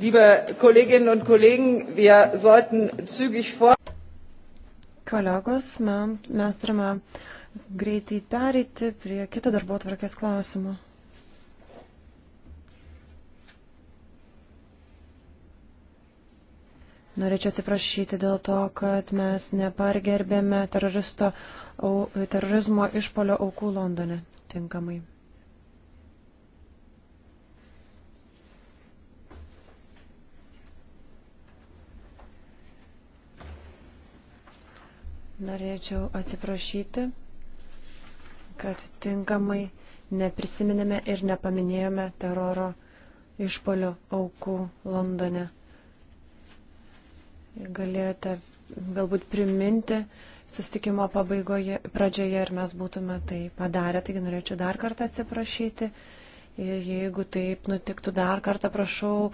Liebe Kolleginnen und Kollegen, wir sollten zügig vor. Kolegos, mes turime greitai pereiti prie kito darbo tvarkės klausimo. Norėčiau atsiprašyti dėl to, kad mes nepargerbėme terorizmo išpolio aukų Londone tinkamai. Norėčiau atsiprašyti, kad tinkamai neprisiminėme ir nepaminėjome teroro išpolio aukų Londone. Galėjote galbūt priminti sustikimo pabaigoje, pradžioje ir mes būtume tai padarę, taigi norėčiau dar kartą atsiprašyti. Ir jeigu taip nutiktų dar kartą, prašau,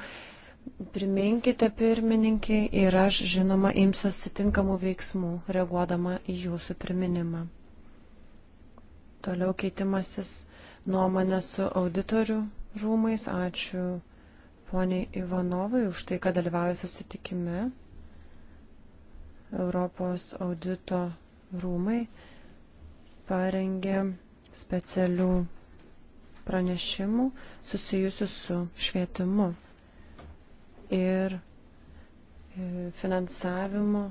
Priminkite pirmininkį ir aš, žinoma, imsiuosi tinkamų veiksmų, reaguodama į jūsų priminimą. Toliau keitimasis nuomonė su auditorių rūmais. Ačiū poniai Ivanovai už tai, kad dalyvauja susitikime. Europos audito rūmai parengė specialių pranešimų susijusių su švietimu ir e, finansavimo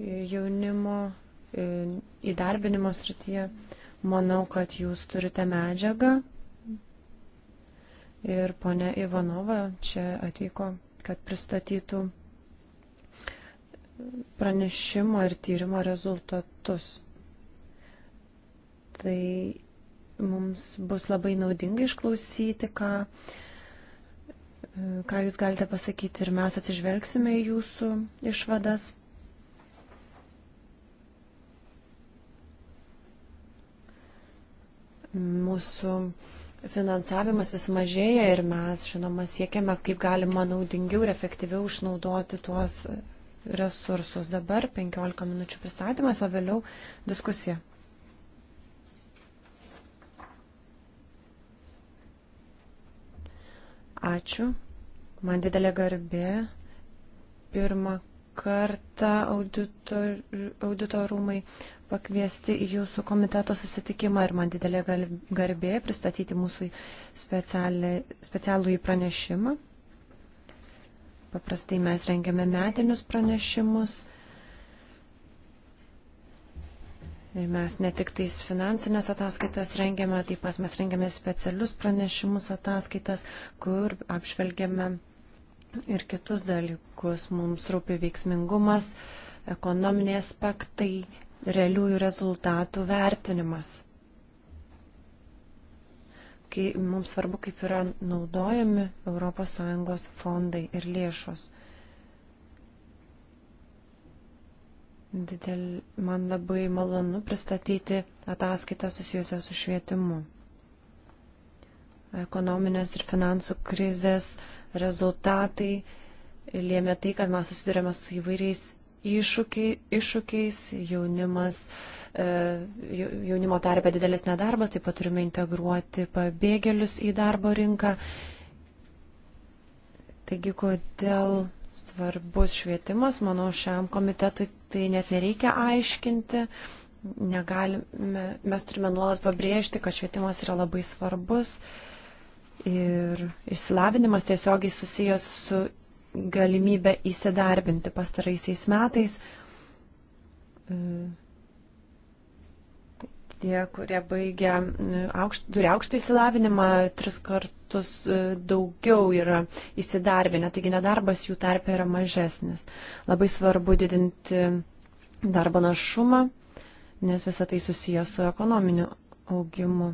e, jaunimo e, įdarbinimo srityje. Manau, kad jūs turite medžiagą. Ir ponia Ivanova čia atvyko, kad pristatytų pranešimo ir tyrimo rezultatus. Tai mums bus labai naudinga išklausyti, ką uh, Ką Jūs galite pasakyti ir mes atsižvelgsime į Jūsų išvadas. Mūsų finansavimas vis mažėja ir mes, žinoma, siekiame, kaip galima naudingiau ir efektyviau išnaudoti tuos resursus. Dabar 15 minučių pristatymas, o vėliau diskusija. Ačiū. Man didelė garbė pirmą kartą auditor, auditorumai pakviesti į jūsų komiteto susitikimą ir man didelė garbė pristatyti mūsų specialų į pranešimą. Paprastai mes rengiame metinius pranešimus. Ir mes ne tik tais finansinės ataskaitas rengiame, taip pat mes rengiame specialius pranešimus ataskaitas, kur apžvelgiame ir kitus dalykus. Mums rūpi veiksmingumas, ekonominiai aspektai, realiųjų rezultatų vertinimas. Kai mums svarbu, kaip yra naudojami ES fondai ir lėšos. Didel, man labai malonu pristatyti ataskaitą susijusią su švietimu. Ekonominės ir finansų krizės uh, rezultatai lėmė tai, kad mes susidurėme su įvairiais iššūkiai, iššūkiais, jaunimas, e, jaunimo tarpe didelis nedarbas, taip pat turime integruoti pabėgėlius į darbo rinką. Taigi, kodėl svarbus švietimas, manau, šiam komitetui tai net nereikia aiškinti. Negalime, mes turime nuolat pabrėžti, kad švietimas yra labai svarbus. Uh, ir išsilavinimas tiesiogiai susijęs su galimybė įsidarbinti pastaraisiais metais. E, tie, kurie baigia, e, aukšt, turi aukštą įsilavinimą, tris kartus e, daugiau yra įsidarbinę, taigi nedarbas jų tarpe yra mažesnis. Labai svarbu didinti darbo našumą, nes visa tai susijęs su ekonominiu augimu.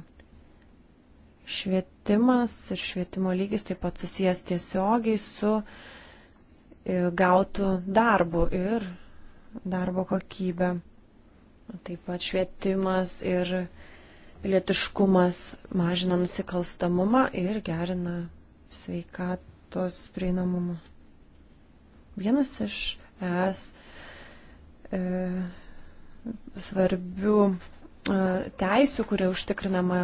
Švietimas švietimas ir švietimo lygis taip pat susijęs tiesiogiai su e, gautų darbų ir darbo kokybę. Taip pat švietimas ir pilietiškumas mažina nusikalstamumą ir gerina sveikatos prieinamumą. Vienas iš es e, svarbių E, teisių, kurie užtikrinama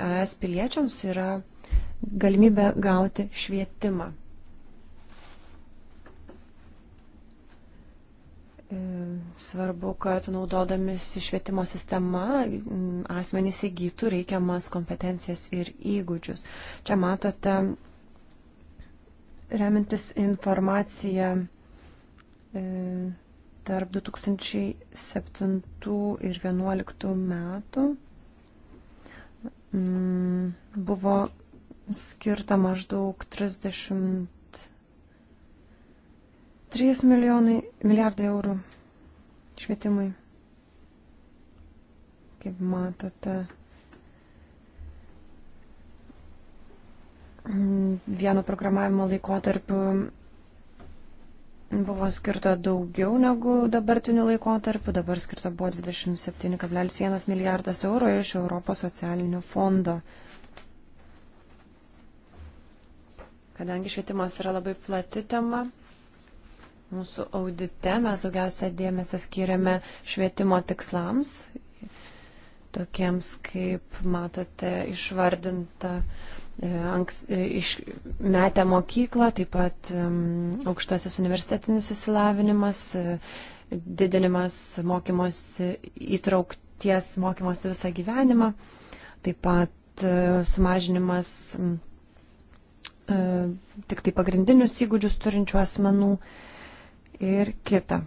ES piliečiams, yra galimybė gauti švietimą. E, svarbu, kad naudodamis švietimo sistema asmenys įgytų reikiamas kompetencijas ir įgūdžius. Čia matote, remintis informaciją e, tarp 2007 ir 2011 metų mm, buvo skirta maždaug 33 milijonai, milijardai eurų švietimui. Kaip matote, mm, vieno programavimo laikotarpiu buvo skirta daugiau negu dabartiniu laikotarpiu, dabar skirta buvo 27,1 milijardas eurų iš Europos socialinio fondo. Kadangi švietimas yra labai plati tema, mūsų audite mes daugiausia dėmesio skiriame švietimo tikslams, tokiems kaip matote išvardinta E, anks, e, išmetę mokyklą, taip pat aukštasis universitetinis įsilavinimas, e, didinimas mokymos įtraukties mokymos visą gyvenimą, taip pat sumažinimas tik tai pagrindinius įgūdžius turinčių asmenų ir kita.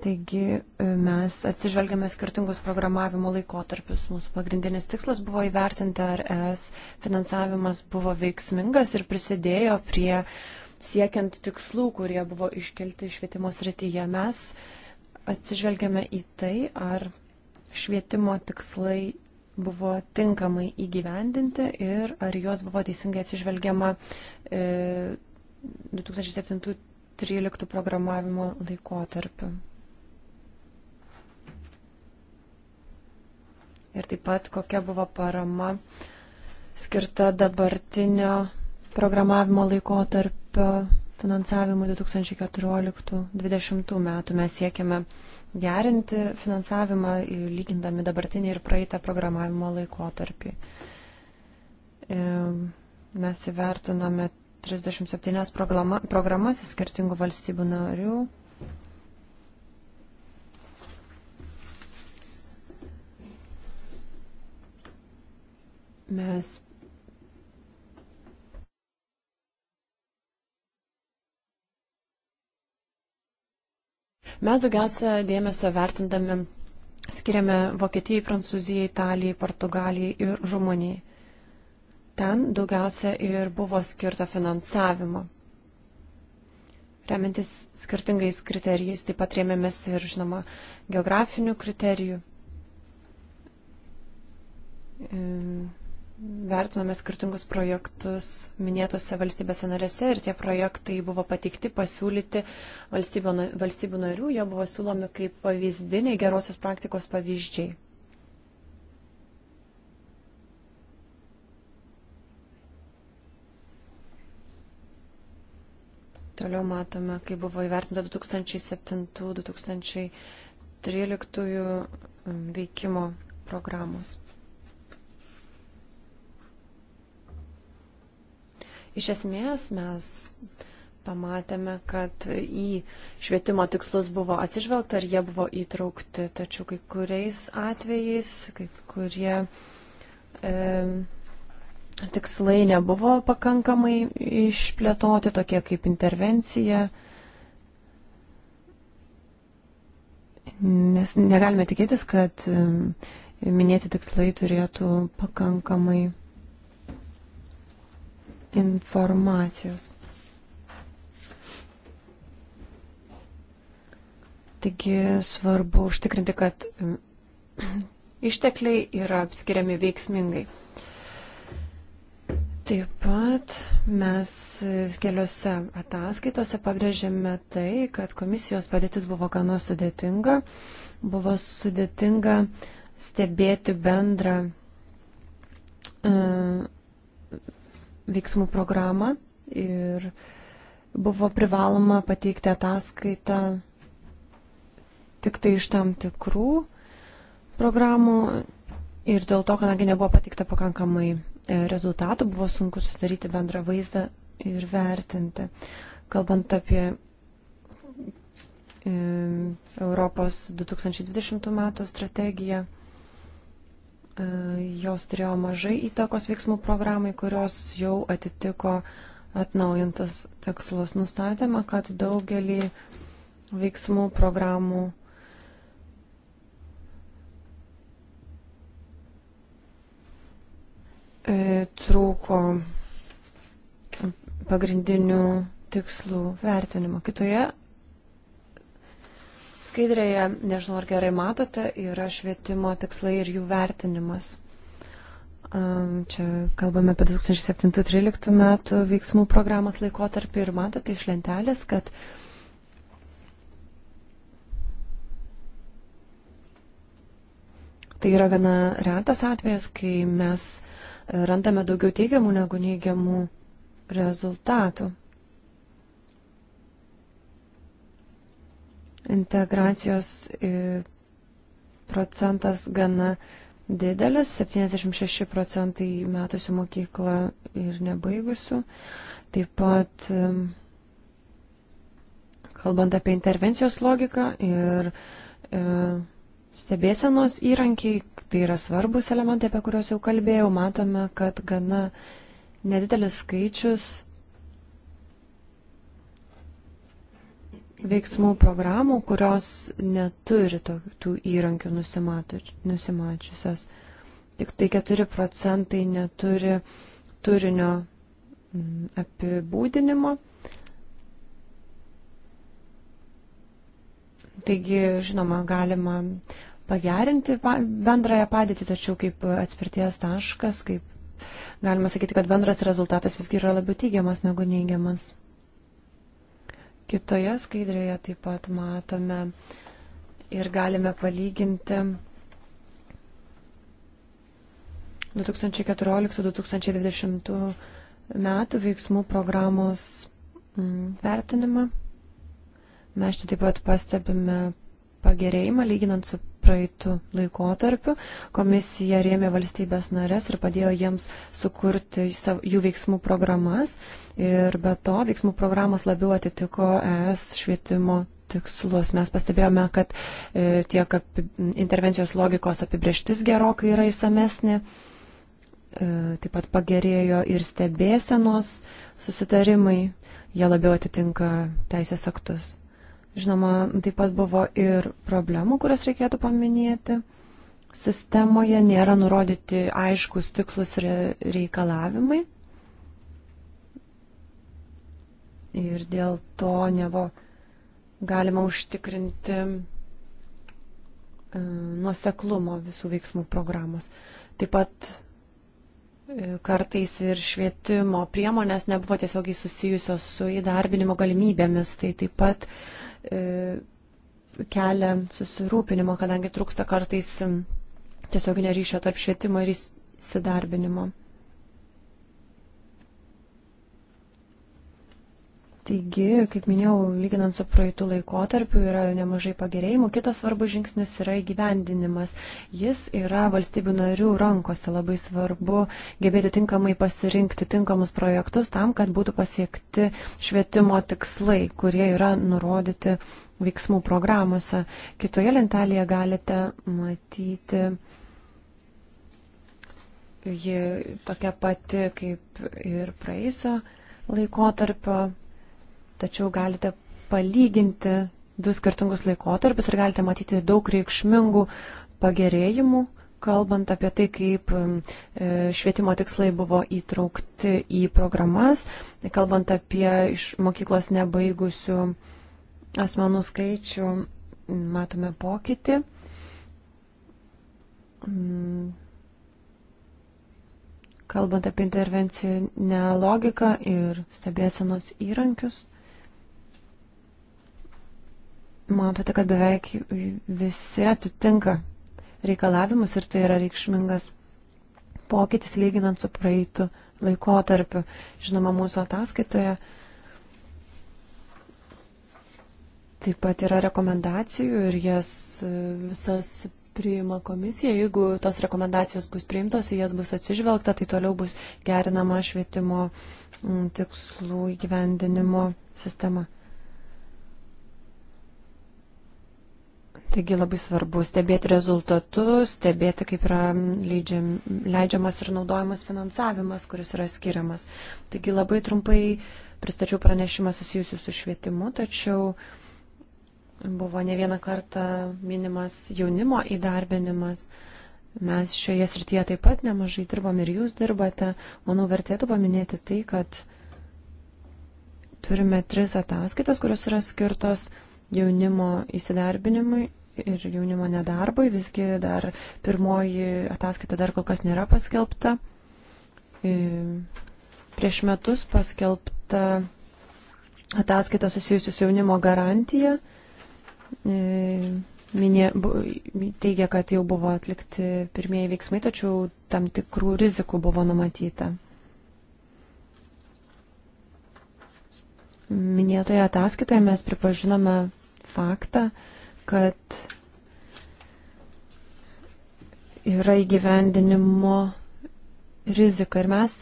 Taigi e, mes atsižvelgiame skirtingus programavimo laikotarpius. Mūsų pagrindinis tikslas buvo įvertinti, ar ES finansavimas buvo veiksmingas ir prisidėjo prie siekiant tikslų, kurie buvo iškelti švietimo srityje. Mes atsižvelgiame į tai, ar švietimo tikslai buvo tinkamai įgyvendinti ir ar juos buvo teisingai atsižvelgiama e, 2007-2013 programavimo laikotarpiu. ir taip pat kokia buvo parama skirta dabartinio programavimo laikotarpio finansavimu 2014-2020 metų. Mes siekiame gerinti finansavimą, lygindami dabartinį ir praeitą programavimo laikotarpį. Mes įvertinome 37 programa, programas iš skirtingų valstybių narių, Mes Mes daugiausia dėmesio vertindami skiriame Vokietijai, Prancūzijai, Italijai, Portugalijai ir Rumunijai. Ten daugiausia ir buvo skirta finansavimo. Remiantis skirtingais kriterijais, taip pat rėmėmės ir, žinoma, geografinių kriterijų. E vertinome skirtingus projektus minėtose valstybėse narėse ir tie projektai buvo pateikti, pasiūlyti valstybių, valstybių narių, jie buvo siūlomi kaip pavyzdiniai gerosios praktikos pavyzdžiai. Toliau matome, kai buvo įvertinta 2007-2013 veikimo programos. Iš esmės mes pamatėme, kad į švietimo tikslus buvo atsižvelgta ir jie buvo įtraukti, tačiau kai kuriais atvejais, kai kurie e, tikslai nebuvo pakankamai išplėtoti, tokie kaip intervencija. Nes negalime tikėtis, kad e, minėti tikslai turėtų pakankamai informacijos. Taigi svarbu užtikrinti, kad mm, ištekliai yra apskiriami veiksmingai. Taip pat mes keliose ataskaitose pabrėžėme tai, kad komisijos padėtis buvo gana sudėtinga. Buvo sudėtinga stebėti bendrą uh, veiksmų programą ir buvo privaloma pateikti ataskaitą tik tai iš tam tikrų programų ir dėl to, kadangi nebuvo pateikta pakankamai e, rezultatų, buvo sunku susidaryti bendrą vaizdą ir vertinti. Kalbant apie e, Europos 2020 metų strategiją, E, jos turėjo mažai įtakos veiksmų programai, kurios jau atitiko atnaujintas tikslus. Nustatėme, kad daugelį veiksmų programų e, trūko pagrindinių tikslų vertinimo. Kitoje Skaidrėje, nežinau ar gerai matote, yra švietimo tikslai ir jų vertinimas. Čia kalbame apie 2007-2013 metų veiksmų programos laikotarpį ir matote iš lentelės, kad tai yra gana retas atvejas, kai mes randame daugiau teigiamų negu neigiamų rezultatų. integracijos e, procentas gana didelis, 76 procentai metusių mokyklą ir nebaigusių. Taip pat, e, kalbant apie intervencijos logiką ir e, stebėsenos įrankiai, tai yra svarbus elementai, apie kuriuos jau kalbėjau, matome, kad gana nedidelis skaičius veiksmų programų, kurios neturi tokių įrankių nusimačiusios. Tik tai 4 procentai neturi turinio mm, apibūdinimo. Taigi, žinoma, galima pagerinti bendrąją padėtį, tačiau kaip atspirties taškas, kaip galima sakyti, kad bendras rezultatas visgi yra labiau teigiamas negu neigiamas. Kitoje skaidrėje taip pat matome ir galime palyginti 2014-2020 metų veiksmų programos mm, vertinimą. Mes čia taip pat pastebime pagerėjimą lyginant su praeitų laikotarpių. Komisija rėmė valstybės narės ir padėjo jiems sukurti jų veiksmų programas. Ir be to veiksmų programos labiau atitiko ES švietimo tikslus. Mes pastebėjome, kad e, tiek api, intervencijos logikos apibrieštis gerokai yra įsamesnė. E, taip pat pagerėjo ir stebėsenos susitarimai. Jie labiau atitinka teisės aktus. Žinoma, taip pat buvo ir problemų, kurias reikėtų paminėti. Sistemoje nėra nurodyti aiškus tikslus ir reikalavimai. Ir dėl to nevo galima užtikrinti e, nuoseklumo visų veiksmų programos. Taip pat e, kartais ir švietimo priemonės nebuvo tiesiogiai susijusios su įdarbinimo galimybėmis, tai taip pat E, kelia susirūpinimo, kadangi trūksta kartais tiesioginio ryšio tarp švietimo ir įsidarbinimo. Taigi, kaip minėjau, lyginant su praeitų laikotarpiu yra nemažai pagerėjimų. Kitas svarbus žingsnis yra įgyvendinimas. Jis yra valstybių narių rankose. Labai svarbu gebėti tinkamai pasirinkti tinkamus projektus tam, kad būtų pasiekti švietimo tikslai, kurie yra nurodyti veiksmų programuose. Kitoje lentelėje galite matyti. Ji tokia pati kaip ir praeisio laikotarpio tačiau galite palyginti du skirtingus laikotarpius ir galite matyti daug reikšmingų pagerėjimų, kalbant apie tai, kaip e, švietimo tikslai buvo įtraukti į programas, kalbant apie iš mokyklos nebaigusių asmenų skaičių, matome pokytį. Mm. Kalbant apie intervencinę logiką ir stebėsenos įrankius, matote, kad beveik visi atitinka reikalavimus ir tai yra reikšmingas pokytis lyginant su praeitų laikotarpiu. Žinoma, mūsų ataskaitoje taip pat yra rekomendacijų ir jas e, visas priima komisija. Jeigu tos rekomendacijos bus priimtos, į jas bus atsižvelgta, tai toliau bus gerinama švietimo tikslų įgyvendinimo sistema. Taigi labai svarbu stebėti rezultatus, stebėti, kaip yra leidžiam, leidžiamas ir naudojamas finansavimas, kuris yra skiriamas. Taigi labai trumpai pristačiau pranešimą susijusiu su švietimu, tačiau buvo ne vieną kartą minimas jaunimo įdarbinimas. Mes šioje srityje taip pat nemažai dirbam ir jūs dirbate. Manau, vertėtų paminėti tai, kad turime tris ataskaitas, kurios yra skirtos jaunimo įsidarbinimui ir jaunimo nedarbui, visgi dar pirmoji ataskaita dar kol kas nėra paskelbta. E, prieš metus paskelbta ataskaita susijusi su jaunimo garantija. E, minė, teigia, kad jau buvo atlikti pirmieji veiksmai, tačiau tam tikrų rizikų buvo numatyta. Minėtoje ataskaitoje mes pripažinome faktą, kad yra įgyvendinimo rizika ir mes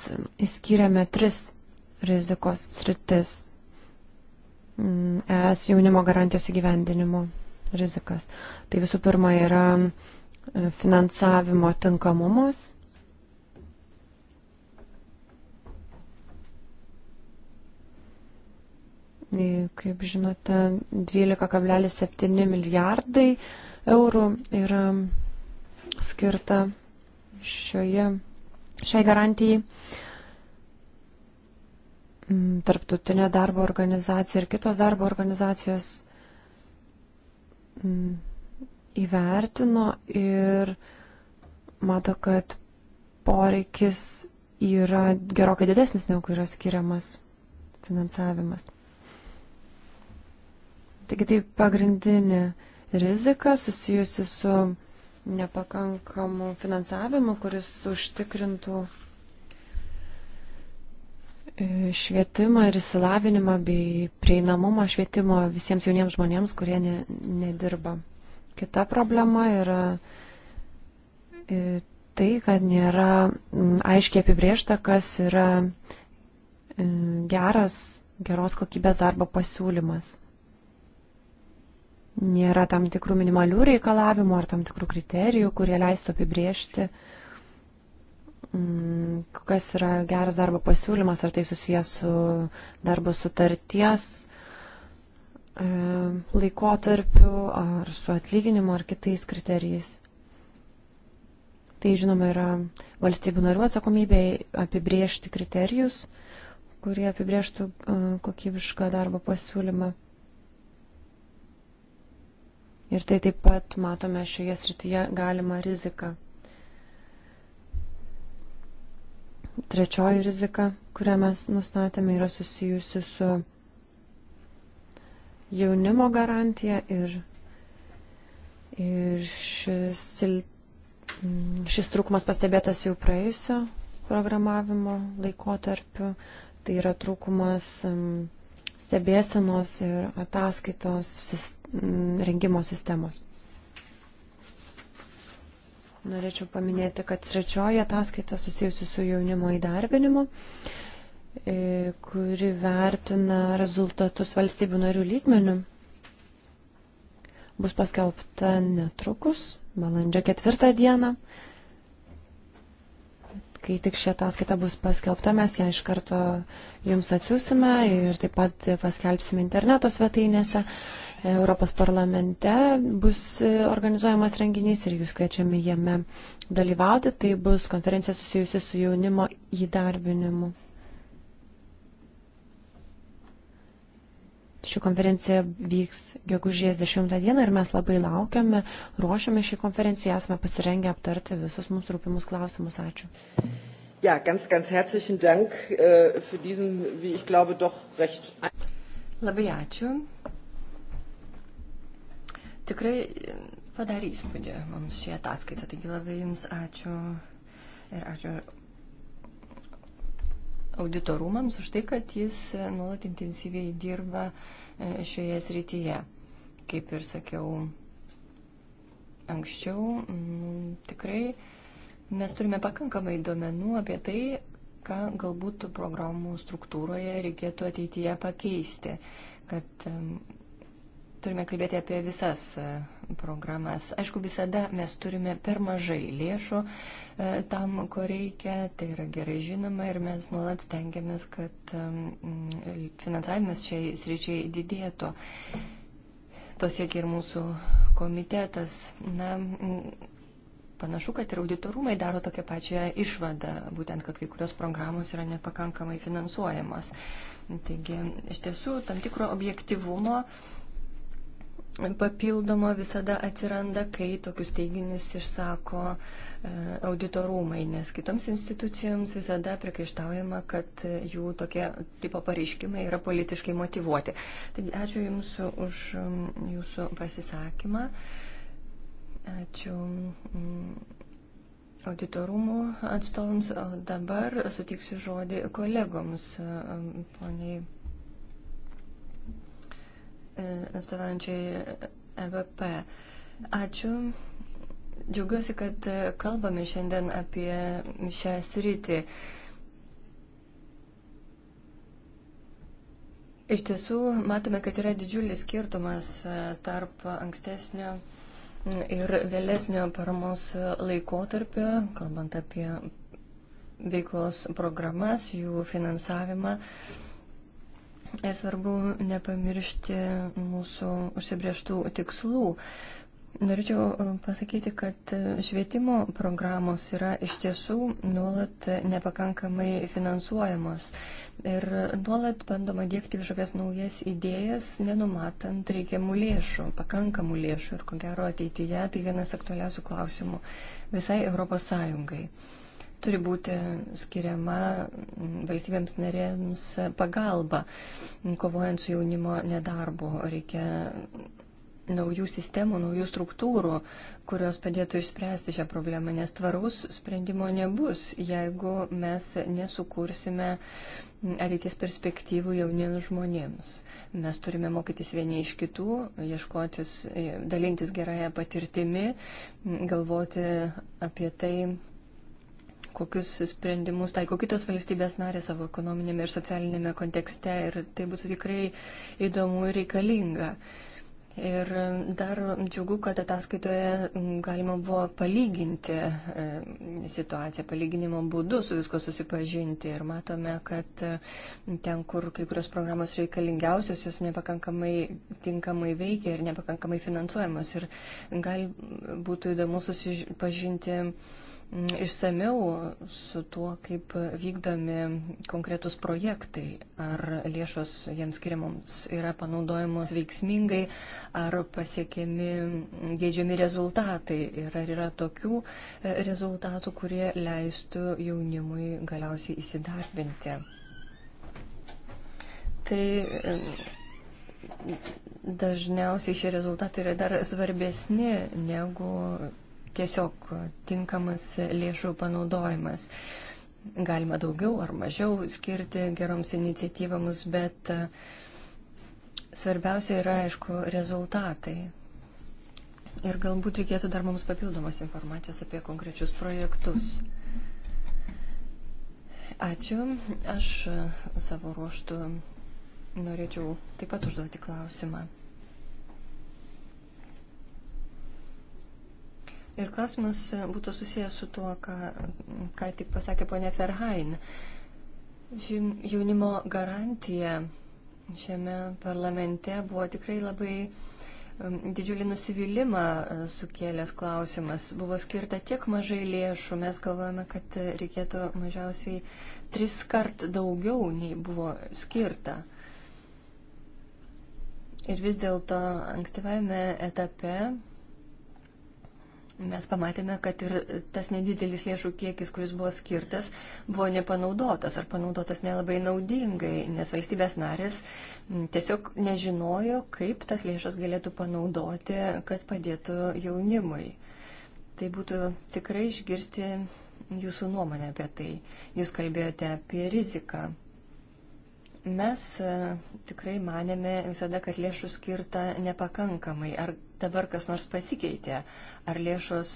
įskiriame tris rizikos sritis. Mm, ES jaunimo garantijos įgyvendinimo rizikas. Tai visų pirma yra e, finansavimo tinkamumas, Kaip žinote, 12,7 milijardai eurų yra skirta šioje, šiai garantijai. Mm, tarptautinė darbo organizacija ir kitos darbo organizacijos mm, įvertino ir mato, kad poreikis yra gerokai didesnis, negu yra skiriamas finansavimas. Taigi tai pagrindinė rizika susijusi su nepakankamu finansavimu, kuris užtikrintų e, švietimą ir įsilavinimą bei prieinamumą švietimo visiems jauniems žmonėms, kurie ne, nedirba. Kita problema yra e, tai, kad nėra aiškiai apibriešta, kas yra e, geras, geros kokybės darbo pasiūlymas nėra tam tikrų minimalių reikalavimų ar tam tikrų kriterijų, kurie leistų apibriežti, mm, kas yra geras darbo pasiūlymas, ar tai susijęs su darbo sutarties e, laikotarpiu, ar su atlyginimu, ar kitais kriterijais. Tai, žinoma, yra valstybių narių atsakomybė apibriežti kriterijus, kurie apibriežtų e, kokybišką darbo pasiūlymą. Ir tai taip pat matome šioje srityje galimą riziką. Trečioji rizika, kurią mes nustatėme, yra susijusi su jaunimo garantija ir, ir šis, šis trūkumas pastebėtas jau praėjusio programavimo laikotarpiu. Tai yra trūkumas mm, stebėsenos ir ataskaitos sistemos Mm, rengimo sistemos. Norėčiau paminėti, kad trečioji ataskaita susijusi su jaunimo įdarbinimu, e, kuri vertina rezultatus valstybių narių lygmenių, bus paskelbta netrukus, balandžio ketvirtą dieną. Kai tik ši ataskaita bus paskelbta, mes ją iš karto jums atsiūsime ir taip pat paskelbsime interneto svetainėse. Europos parlamente bus e, organizuojamas renginys ir jūs kviečiami jame dalyvauti. Tai bus konferencija susijusi su jaunimo įdarbinimu. Ši konferencija vyks gegužės 10 dieną ir mes labai laukiame, ruošiame šį konferenciją, esame pasirengę aptarti visus mums rūpimus klausimus. Ačiū. Ja, ganz, ganz herzlichen Dank äh, für diesen, wie ich glaube, doch recht. Labai ačiū Tikrai e, padarė įspūdį mums šį ataskaitą, taigi labai Jums ačiū ir ačiū auditorumams už tai, kad jis e, nuolat intensyviai dirba e, šioje srityje. Kaip ir sakiau anksčiau, tikrai mes turime pakankamai duomenų apie tai, ką galbūt programų struktūroje reikėtų ateityje pakeisti, kad turime kalbėti apie visas e, programas. Aišku, visada mes turime per mažai lėšų e, tam, ko reikia, tai yra gerai žinoma ir mes nuolat stengiamės, kad finansavimas šiai sričiai didėtų. To siekia ir mūsų komitetas. Na, Panašu, kad ir auditorumai daro tokią pačią išvadą, būtent, kad kai kurios programos yra nepakankamai finansuojamos. Taigi, iš tiesų, tam tikro objektivumo uh, papildomo visada atsiranda, kai tokius teiginius išsako e, auditorumai, nes kitoms institucijoms visada prikaištaujama, kad jų tokie tipo pareiškimai yra politiškai motivuoti. Taigi ačiū Jums už Jūsų pasisakymą. Ačiū auditorumų atstovams. O dabar sutiksiu žodį kolegoms, poniai atstovaujančiai EVP. Ačiū. Džiaugiuosi, kad kalbame šiandien apie šią sritį. Iš tiesų, matome, kad yra didžiulis skirtumas e, tarp ankstesnio ir vėlesnio paramos laikotarpio, kalbant apie veiklos programas, jų finansavimą. Uh, E svarbu nepamiršti mūsų užsibrieštų tikslų. Norėčiau e, pasakyti, kad e, švietimo programos yra iš tiesų nuolat nepakankamai finansuojamos ir nuolat bandoma dėkti kažkokias naujas idėjas, nenumatant reikiamų lėšų, pakankamų lėšų ir ko gero ateityje tai vienas aktualiausių klausimų visai Europos Sąjungai turi būti skiriama valstybėms narėms pagalba, kovojant su jaunimo nedarbu. Reikia naujų sistemų, naujų struktūrų, kurios padėtų išspręsti šią problemą, nes tvarus sprendimo nebus, jeigu mes nesukursime ateities perspektyvų jauniems žmonėms. Mes turime mokytis vieni iš kitų, ieškotis, dalintis gerąją patirtimi, galvoti apie tai, kokius sprendimus taiko kitos valstybės narė savo ekonominėme ir socialinėme kontekste. Ir tai būtų tikrai įdomu ir reikalinga. Ir dar džiugu, kad ataskaitoje galima buvo palyginti e, situaciją, palyginimo būdu su visko susipažinti. Ir matome, kad ten, kur kai kurios programos reikalingiausios, jos nepakankamai tinkamai veikia ir nepakankamai finansuojamos. Ir gal būtų įdomu susipažinti išsameu su tuo, kaip vykdomi konkretus projektai, ar lėšos jiems skiriamoms yra panaudojamos veiksmingai, ar pasiekiami gėdžiami rezultatai ir ar yra tokių e, rezultatų, kurie leistų jaunimui galiausiai įsidarbinti. Tai e, dažniausiai šie rezultatai yra dar svarbesni negu tiesiog tinkamas lėšų panaudojimas. Galima daugiau ar mažiau skirti geroms iniciatyvams, bet e, svarbiausia yra, aišku, rezultatai. Ir galbūt reikėtų dar mums papildomas informacijos apie konkrečius projektus. Ačiū. Aš e, savo ruoštų norėčiau taip pat užduoti klausimą. Ir klausimas būtų susijęs su tuo, ką, ką tik pasakė ponė Ferhain. Jaunimo garantija šiame parlamente buvo tikrai labai um, didžiulį nusivylimą uh, sukėlęs klausimas. Buvo skirta tiek mažai lėšų, mes galvojame, kad reikėtų mažiausiai tris kart daugiau nei buvo skirta. Ir vis dėlto ankstyvame etape Mes pamatėme, kad ir tas nedidelis lėšų kiekis, kuris buvo skirtas, buvo nepanaudotas ar panaudotas nelabai naudingai, nes valstybės narės tiesiog nežinojo, kaip tas lėšas galėtų panaudoti, kad padėtų jaunimui. Tai būtų tikrai išgirsti jūsų nuomonę apie tai. Jūs kalbėjote apie riziką. Mes e, tikrai manėme visada, kad lėšų skirta nepakankamai. Ar dabar kas nors pasikeitė? Ar lėšos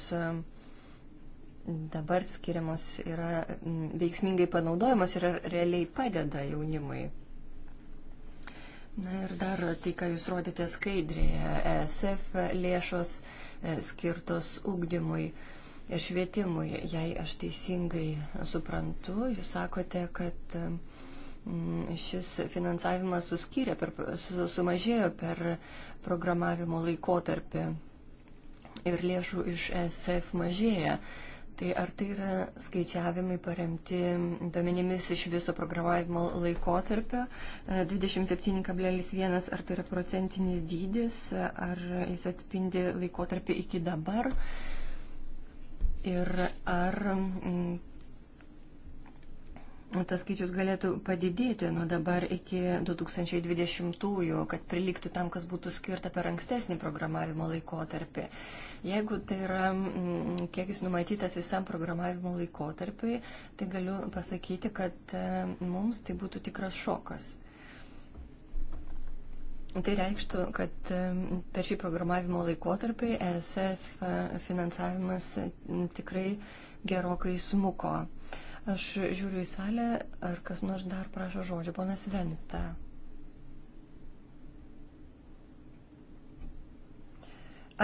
dabar skiriamos yra veiksmingai panaudojamos ir realiai padeda jaunimui? Na ir dar tai, ką jūs rodėte skaidrėje, ESF lėšos e, skirtos ugdymui ir švietimui. Jei aš teisingai suprantu, jūs sakote, kad Mm, šis finansavimas suskyrė, per, sumažėjo per programavimo laikotarpį ir lėšų iš SF mažėja. Tai ar tai yra skaičiavimai paremti duomenimis iš viso programavimo laikotarpio 27,1, e, ar tai yra procentinis dydis, ar jis atspindi laikotarpį iki dabar ir ar mm, tas skaičius galėtų padidėti nuo dabar iki 2020-ųjų, kad priliktų tam, kas būtų skirta per ankstesnį programavimo laikotarpį. Jeigu tai yra mm, kiekis numatytas visam programavimo laikotarpiui, tai galiu pasakyti, kad e, mums tai būtų tikras šokas. Tai reikštų, kad e, per šį programavimo laikotarpį ESF e, finansavimas tikrai gerokai smuko. Aš žiūriu į salę, ar kas nors dar prašo žodžio. Ponas Venta.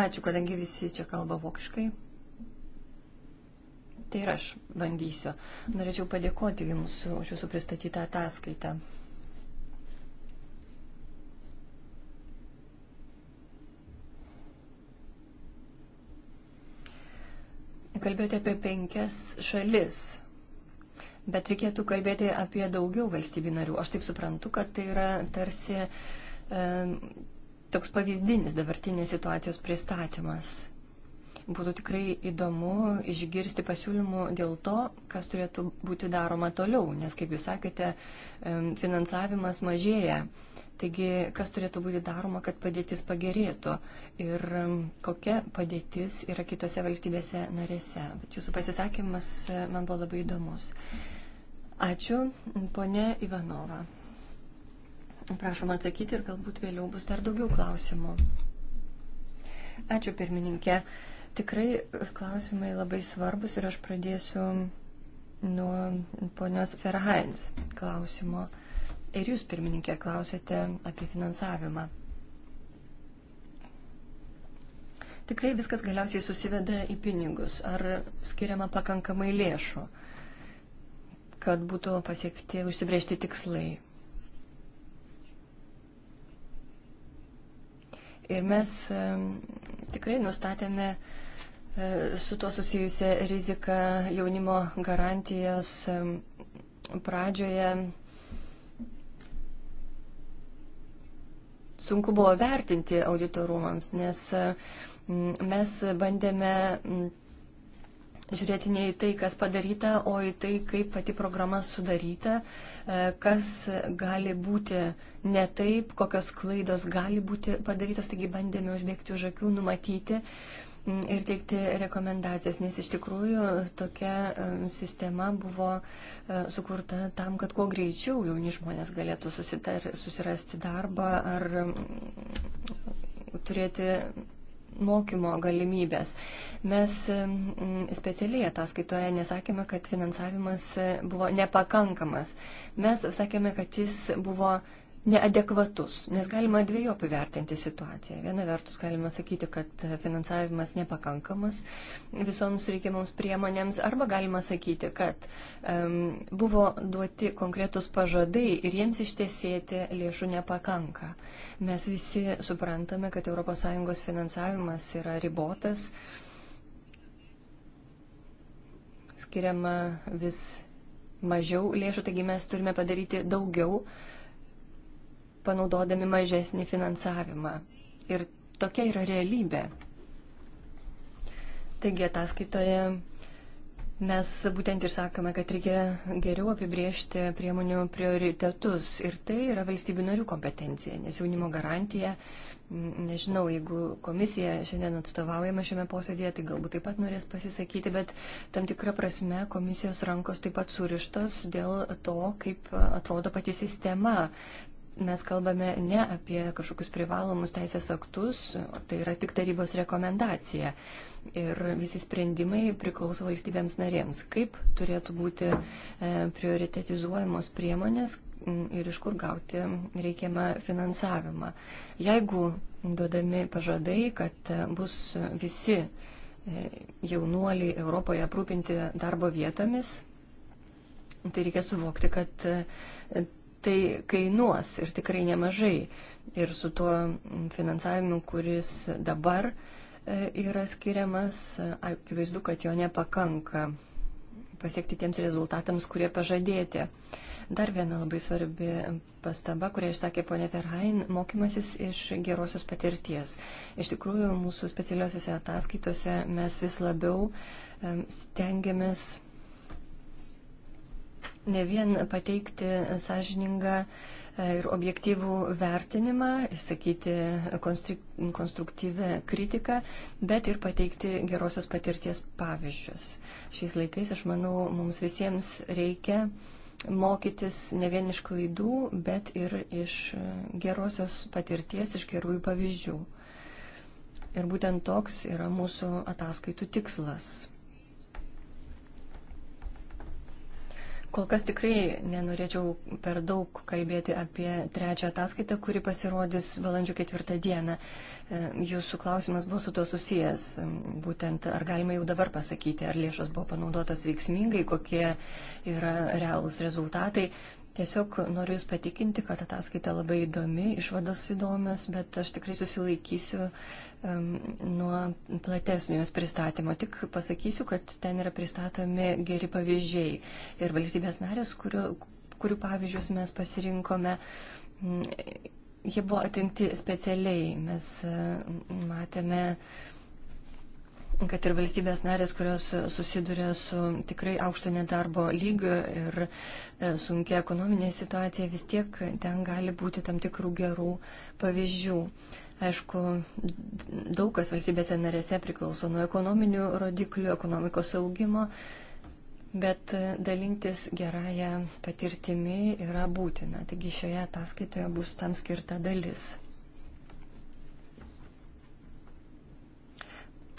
Ačiū, kadangi visi čia kalba vokiškai. Tai ir aš bandysiu. Norėčiau padėkoti Jums už Jūsų pristatytą ataskaitą. Kalbėjote apie penkias šalis, Bet reikėtų kalbėti apie daugiau valstybių narių. Aš taip suprantu, kad tai yra tarsi e, toks pavyzdinis dabartinės situacijos pristatymas. Būtų tikrai įdomu išgirsti pasiūlymų dėl to, kas turėtų būti daroma toliau, nes, kaip jūs sakėte, e, finansavimas mažėja. Taigi, kas turėtų būti daroma, kad padėtis pagerėtų ir kokia padėtis yra kitose valstybėse narėse. Bet jūsų pasisakymas man buvo labai įdomus. Ačiū, ponė Ivanova. Prašom atsakyti ir galbūt vėliau bus dar daugiau klausimų. Ačiū, pirmininkė. Tikrai klausimai labai svarbus ir aš pradėsiu nuo ponios Ferhains klausimo. Ir jūs, pirmininkė, klausėte apie finansavimą. Tikrai viskas galiausiai susiveda į pinigus. Ar skiriama pakankamai lėšų? Uh, kad būtų pasiekti užsibriežti tikslai. Ir mes tikrai nustatėme e, su tuo susijusią riziką jaunimo garantijos pradžioje. Sunku buvo vertinti auditorumams, nes mes bandėme žiūrėti ne į tai, kas padaryta, o į tai, kaip pati programa sudaryta, e, kas gali būti ne taip, kokios klaidos gali būti padarytos, taigi bandėme užbėgti už akių, numatyti ir teikti rekomendacijas, nes iš tikrųjų tokia sistema buvo e, sukurta tam, kad kuo greičiau jauni žmonės galėtų susitar, susirasti darbą ar turėti mokymo galimybės. Mes specialiai ataskaitoje nesakėme, kad finansavimas e, buvo nepakankamas. Mes sakėme, kad jis buvo neadekvatus, nes galima dviejopai vertinti situaciją. Viena vertus galima sakyti, kad finansavimas nepakankamas visoms reikiamoms priemonėms, arba galima sakyti, kad um, buvo duoti konkretus pažadai ir jiems ištesėti lėšų nepakanka. Mes visi suprantame, kad ES finansavimas yra ribotas, skiriama vis mažiau lėšų, taigi mes turime padaryti daugiau panaudodami mažesnį finansavimą. Ir tokia yra realybė. Taigi ataskaitoje mes būtent ir sakome, kad reikia geriau apibriežti priemonių prioritetus. Ir tai yra valstybių narių kompetencija, nes jaunimo garantija, nežinau, jeigu komisija šiandien atstovaujama šiame posėdėje, tai galbūt taip pat norės pasisakyti, bet tam tikra prasme komisijos rankos taip pat surištos dėl to, kaip atrodo pati sistema mes kalbame ne apie kažkokius privalomus teisės aktus, tai yra tik tarybos rekomendacija. Ir visi sprendimai priklauso valstybėms narėms. Kaip turėtų būti e, prioritetizuojamos priemonės ir iš kur gauti reikiamą finansavimą. Jeigu duodami pažadai, kad e, bus visi e, jaunuoliai Europoje aprūpinti darbo vietomis, tai reikia suvokti, kad tai kainuos ir tikrai nemažai. Ir su tuo finansavimu, kuris dabar e, yra skiriamas, e, akivaizdu, kad jo nepakanka pasiekti tiems rezultatams, kurie pažadėti. Dar viena labai svarbi pastaba, kurią išsakė ponė Ferhain, mokymasis iš gerosios patirties. Iš tikrųjų, mūsų specialiosiuose ataskaitose mes vis labiau e, stengiamės ne vien pateikti sąžiningą e, ir objektyvų vertinimą, išsakyti konstruktyvę kritiką, bet ir pateikti gerosios patirties pavyzdžius. Šiais laikais, aš manau, mums visiems reikia mokytis ne vien iš klaidų, bet ir iš gerosios patirties, iš gerųjų pavyzdžių. Ir būtent toks yra mūsų ataskaitų tikslas Kol kas tikrai nenorėčiau per daug kalbėti apie trečią ataskaitą, kuri pasirodys balandžio ketvirtą dieną. E, jūsų klausimas buvo su to susijęs. Būtent, ar galima jau dabar pasakyti, ar lėšos buvo panaudotas veiksmingai, kokie yra realūs rezultatai. Tiesiog noriu Jūs patikinti, kad ataskaita labai įdomi, išvados įdomios, bet aš tikrai susilaikysiu nuo platesnio jos pristatymo. Tik pasakysiu, kad ten yra pristatomi geri pavyzdžiai ir valstybės narės, kurių, kurių pavyzdžius mes pasirinkome. Jie buvo atrinkti specialiai. Mes matėme kad ir valstybės narės, kurios susiduria su tikrai aukšto nedarbo lygiu ir e, sunkia ekonominė situacija, vis tiek ten gali būti tam tikrų gerų pavyzdžių. Aišku, daug kas valstybėse narėse priklauso nuo ekonominių rodiklių, ekonomikos augimo, bet e, dalintis gerąją patirtimi yra būtina. Taigi šioje ataskaitoje bus tam skirta dalis.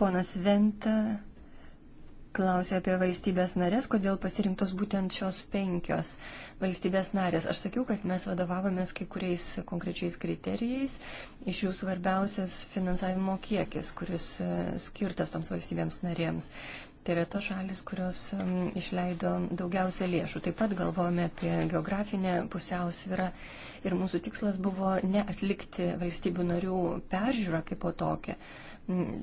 Ponas Venta klausė apie valstybės narės, kodėl pasirinktos būtent šios penkios valstybės narės. Aš sakiau, kad mes vadovavomės kai kuriais konkrečiais kriterijais, iš jų svarbiausias finansavimo kiekis, kuris e, skirtas toms valstybėms narėms. Tai yra tos šalis, kurios išleido daugiausia lėšų. Taip pat galvojame apie geografinę pusiausvyrą ir mūsų tikslas buvo neatlikti valstybių narių peržiūrą kaip po tokią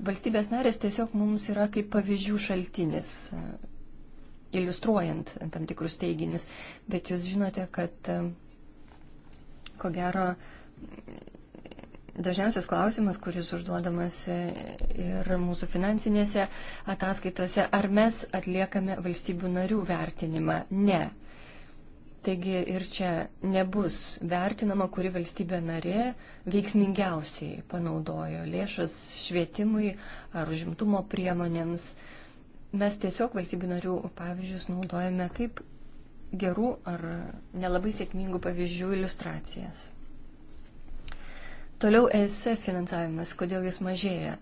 Valstybės narės tiesiog mums yra kaip pavyzdžių šaltinis, e, iliustruojant tam tikrus teiginius. Bet jūs žinote, kad e, ko gero dažniausias klausimas, kuris užduodamas e, ir mūsų finansinėse ataskaitose, ar mes atliekame valstybių narių vertinimą? Ne. Taigi ir čia nebus vertinama, kuri valstybė narė veiksmingiausiai panaudojo lėšas švietimui ar užimtumo priemonėms. Mes tiesiog valstybių narių pavyzdžius naudojame kaip gerų ar nelabai sėkmingų pavyzdžių iliustracijas. Toliau ESF e finansavimas, kodėl jis mažėja.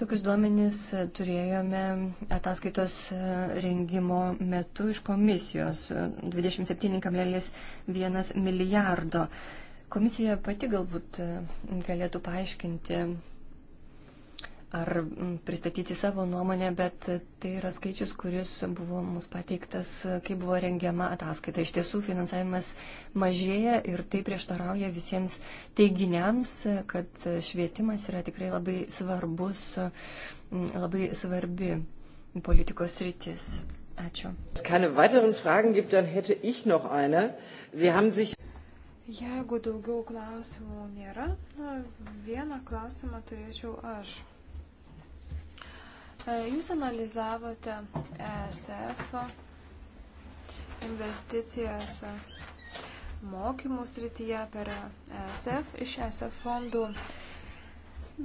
Tokius duomenys e, turėjome ataskaitos e, rengimo metu iš komisijos 27,1 e, milijardo. Komisija pati galbūt galėtų paaiškinti, ar mm, pristatyti savo nuomonę, bet tai yra skaičius, kuris buvo mums pateiktas, kai buvo rengiama ataskaita. Iš tiesų finansavimas mažėja ir tai prieštarauja visiems teiginiams, kad švietimas yra tikrai labai svarbus, mm, labai svarbi politikos rytis. Ačiū. Keine weiteren Fragen gibt, dann hätte ich noch eine. Sie haben sich Jeigu daugiau klausimų nėra, vieną klausimą turėčiau aš. E, jūs analizavote ESF investicijas mokymų srityje per ESF iš ESF fondų,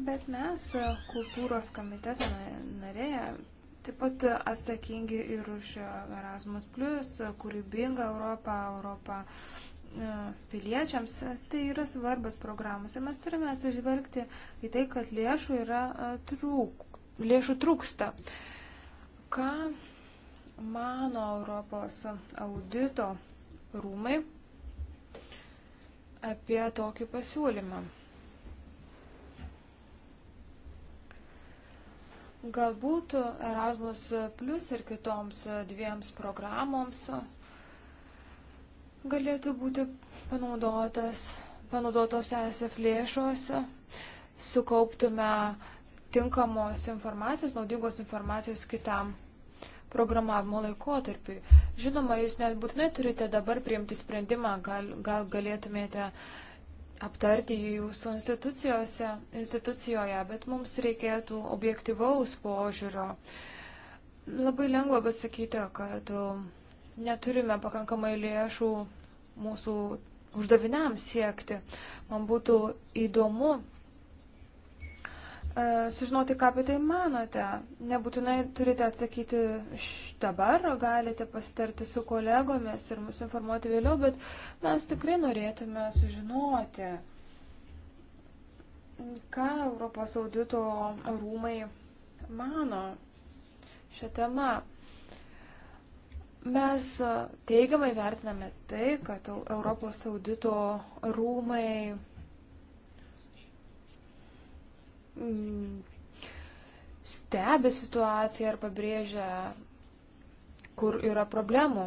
bet mes kultūros komiteto narėje taip pat atsakingi ir už Erasmus, kūrybingą Europą, Europą e, piliečiams tai yra svarbus programos ir mes turime atsižvelgti į tai, kad lėšų yra e, trūk, lėšų trūksta. Ką mano Europos audito rūmai apie tokį pasiūlymą? Galbūt Erasmus Plus ir kitoms dviems programoms galėtų būti panaudotas, panaudotos ESF lėšos, sukauptume uh, tinkamos informacijos, naudingos informacijos kitam programavimo laikotarpiui. Žinoma, jūs net būtinai turite dabar priimti sprendimą, gal, gal galėtumėte aptarti jūsų institucijoje, bet mums reikėtų objektivaus požiūrio. Labai lengva pasakyti, kad um, neturime pakankamai lėšų mūsų uždaviniams siekti. Man būtų įdomu E, sužinoti, ką apie tai manote. Nebūtinai turite atsakyti dabar, galite pasitarti su kolegomis ir mus informuoti vėliau, bet mes tikrai norėtume sužinoti, ką Europos audito rūmai mano šią temą. Mes teigiamai vertiname tai, kad Europos audito rūmai Mm, stebi situaciją ir pabrėžia, kur yra problemų.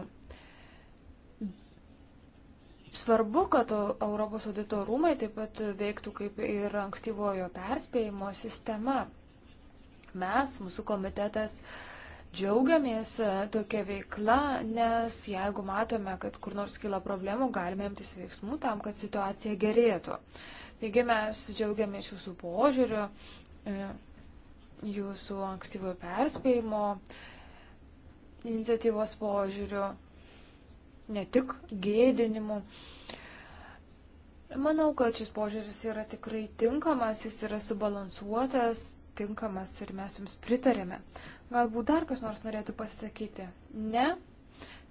Svarbu, kad Europos audito rūmai taip pat veiktų kaip ir ankstyvojo perspėjimo sistema. Mes, mūsų komitetas, džiaugiamės e, tokia veikla, nes jeigu matome, kad kur nors kyla problemų, galime imtis veiksmų tam, kad situacija gerėtų. Uh, Taigi mes džiaugiamės jūsų požiūriu, e, jūsų ankstyvo perspėjimo iniciatyvos požiūriu, ne tik gėdinimu. Manau, kad šis požiūris yra tikrai tinkamas, jis yra subalansuotas, tinkamas ir mes jums pritarėme. Galbūt dar kas nors norėtų pasisakyti? Ne?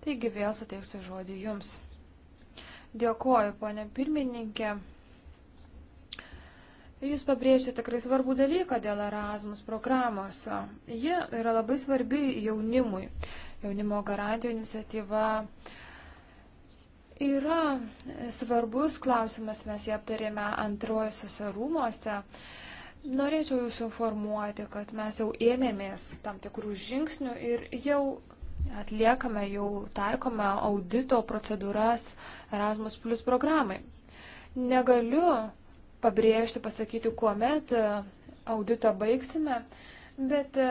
Taigi vėl suteiksiu žodį jums. Dėkuoju, ponė pirmininkė. Jūs pabrėžėte tikrai svarbų dalyką dėl Erasmus programos. Ji yra labai svarbi jaunimui. Jaunimo garantijų iniciatyva yra svarbus klausimas, mes jį aptarėme antrojosiuose rūmuose. Norėčiau Jūs informuoti, kad mes jau ėmėmės tam tikrų žingsnių ir jau atliekame, jau taikome audito procedūras Erasmus Plus programai. Negaliu pabrėžti, pasakyti, kuomet e, auditą baigsime, bet e,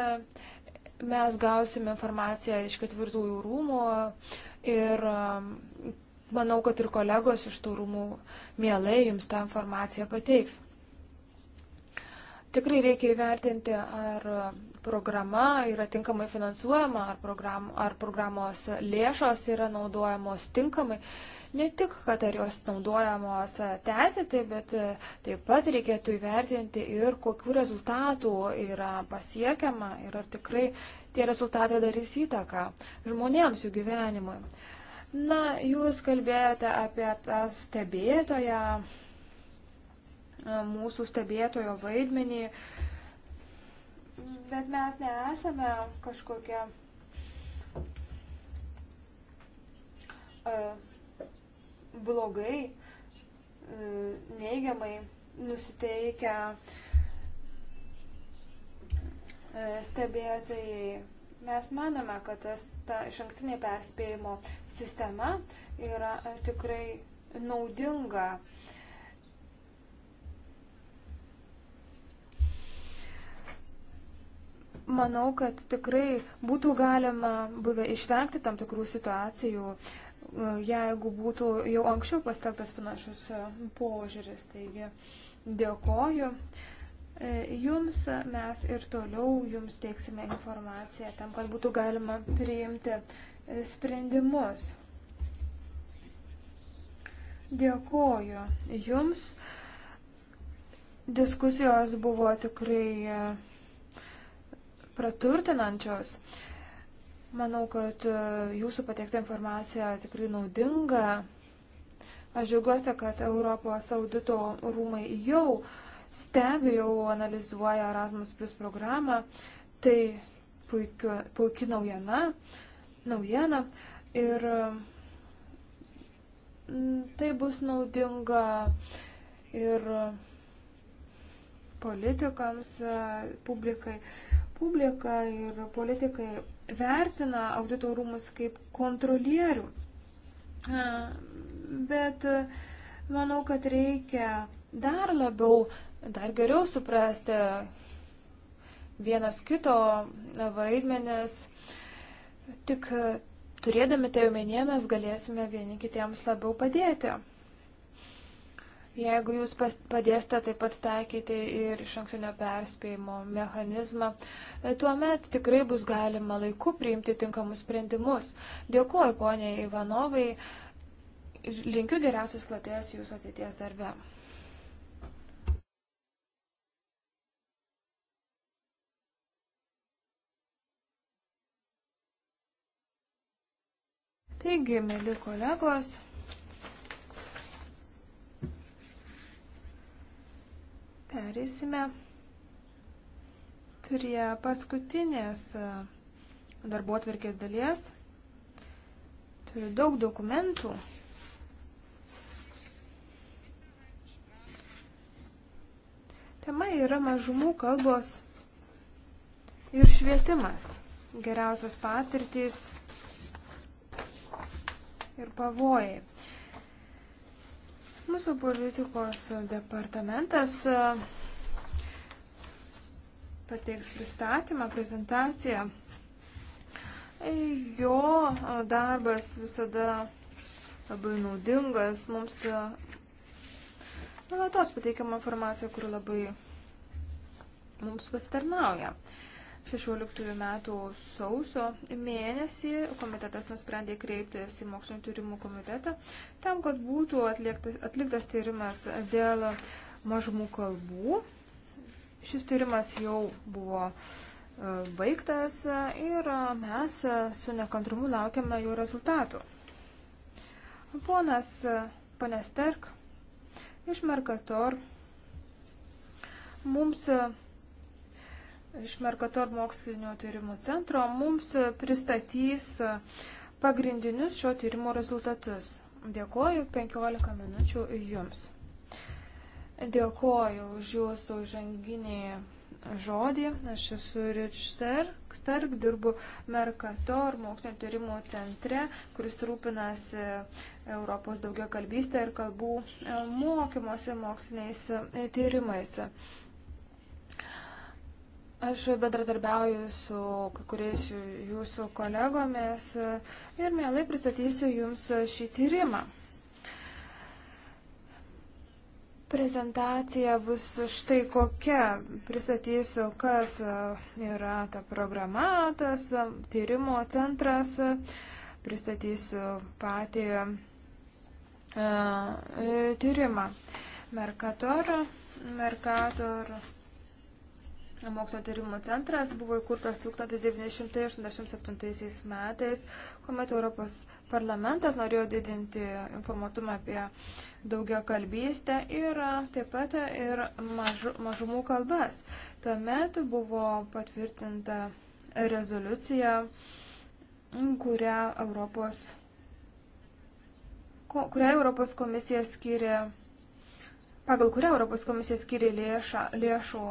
mes gausime informaciją iš ketvirtųjų rūmų ir e, manau, kad ir kolegos iš tų rūmų mielai jums tą informaciją pateiks. Tikrai reikia įvertinti, ar programa yra tinkamai finansuojama, ar, program, ar programos lėšos yra naudojamos tinkamai ne tik, kad ar jos naudojamos teisėtai, bet e, taip pat reikėtų įvertinti ir kokiu rezultatu yra pasiekiama ir ar tikrai tie rezultatai darys įtaką žmonėms jų gyvenimui. Na, jūs kalbėjote apie tą stebėtoją, mūsų stebėtojo vaidmenį, bet mes nesame kažkokia e, blogai, e, neigiamai nusiteikę e, stebėtojai. Mes manome, kad tas, ta iš anktinė perspėjimo sistema yra e, tikrai naudinga. Manau, kad tikrai būtų galima buvę išvengti tam tikrų situacijų, uh, jeigu būtų jau anksčiau pasteltas panašus e, požiūris. Taigi dėkoju. E, jums mes ir toliau jums teiksime informaciją tam, kad būtų galima priimti e, sprendimus. Dėkoju jums. Diskusijos buvo tikrai praturtinančios. Manau, kad e, jūsų pateikta informacija tikrai naudinga. Aš džiaugiuosi, kad Europos audito rūmai jau stebi, jau analizuoja Erasmus Plus programą. Tai puikia, puikia naujiena. naujiena. Ir tai bus naudinga ir politikams, e, publikai. Publika ir politikai vertina audito rūmus kaip kontrolierių. Bet e, manau, kad reikia dar labiau, dar geriau suprasti vienas kito vaidmenis. Tik turėdami tai omenyje mes galėsime vieni kitiems labiau padėti. Jeigu jūs padėsite taip pat taikyti ir iš ankstinio perspėjimo mechanizmą, e, tuomet tikrai bus galima laiku priimti tinkamus sprendimus. Dėkuoju, ponė Ivanovai, linkiu geriausios klotės jūsų ateities darbe. Taigi, mėly kolegos, Perėsime prie paskutinės e, darbo atverkės dalies. Turiu daug dokumentų. Tema yra mažumų kalbos ir švietimas, geriausios patirtys ir pavojai. Mūsų politikos departamentas e, pateiks pristatymą, prezentaciją. Jo darbas visada labai naudingas, mums e, nuolatos pateikiama informacija, kuri labai mums pasitarnauja. 16 metų sausio mėnesį komitetas nusprendė kreiptis į mokslinio tyrimų komitetą tam, kad būtų atliktas, atliktas tyrimas dėl mažumų kalbų. Šis tyrimas jau buvo e, baigtas ir mes su nekantrumu laukiame jų rezultatų. Ponas e, Panesterk iš Merkator mums iš Merkator mokslinio tyrimų centro mums pristatys pagrindinius šio tyrimo rezultatus. Dėkoju 15 minučių jums. Dėkoju už jūsų žanginį žodį. Aš esu Rich Stark, Stark dirbu Merkator mokslinio tyrimų centre, kuris rūpinasi Europos daugiakalbystę ir kalbų mokymosi moksliniais tyrimais. Aš bendradarbiauju su kuriais jūsų kolegomis ir mielai pristatysiu jums šį tyrimą. Prezentacija bus štai kokia. Pristatysiu, kas yra ta programa, tas tyrimo centras. Pristatysiu patį e, tyrimą. Merkator, Merkator Mokslo tyrimų centras buvo įkurtas 1987 metais, kuomet Europos parlamentas norėjo didinti informatumą apie daugia kalbystę ir taip pat ir mažu, mažumų kalbas. Tuomet buvo patvirtinta rezoliucija, kurią Europos, kurią Europos komisija skiria pagal kurią Europos komisija skiria lėšą, lėšų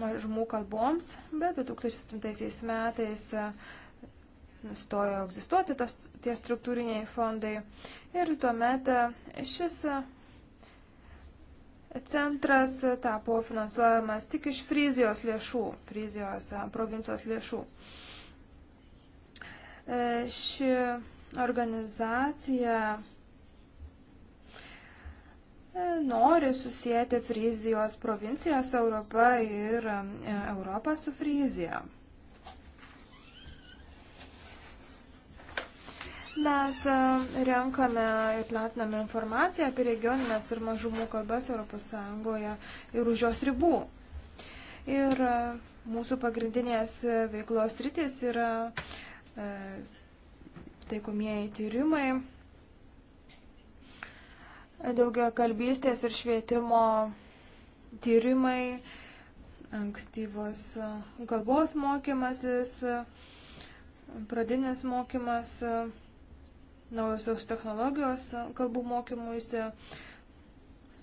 mažumų kalboms, bet 2007 metais e, nustojo egzistuoti tas, tie struktūriniai fondai. Ir tuomet e, šis e, centras tapo finansuojamas tik iš Frizijos lėšų, Frizijos provincijos lėšų. Ši organizacija nori susijęti Frizijos provincijos Europą ir e, Europą su Frizija. Mes renkame ir platiname informaciją apie regioninės ir mažumų kalbas ES ir už jos ribų. Ir mūsų pagrindinės veiklos rytis yra taikomieji tyrimai Daugia kalbystės ir švietimo tyrimai, ankstyvos uh, kalbos mokymasis, uh, pradinės mokymas, uh, naujosios technologijos kalbų mokymuisi,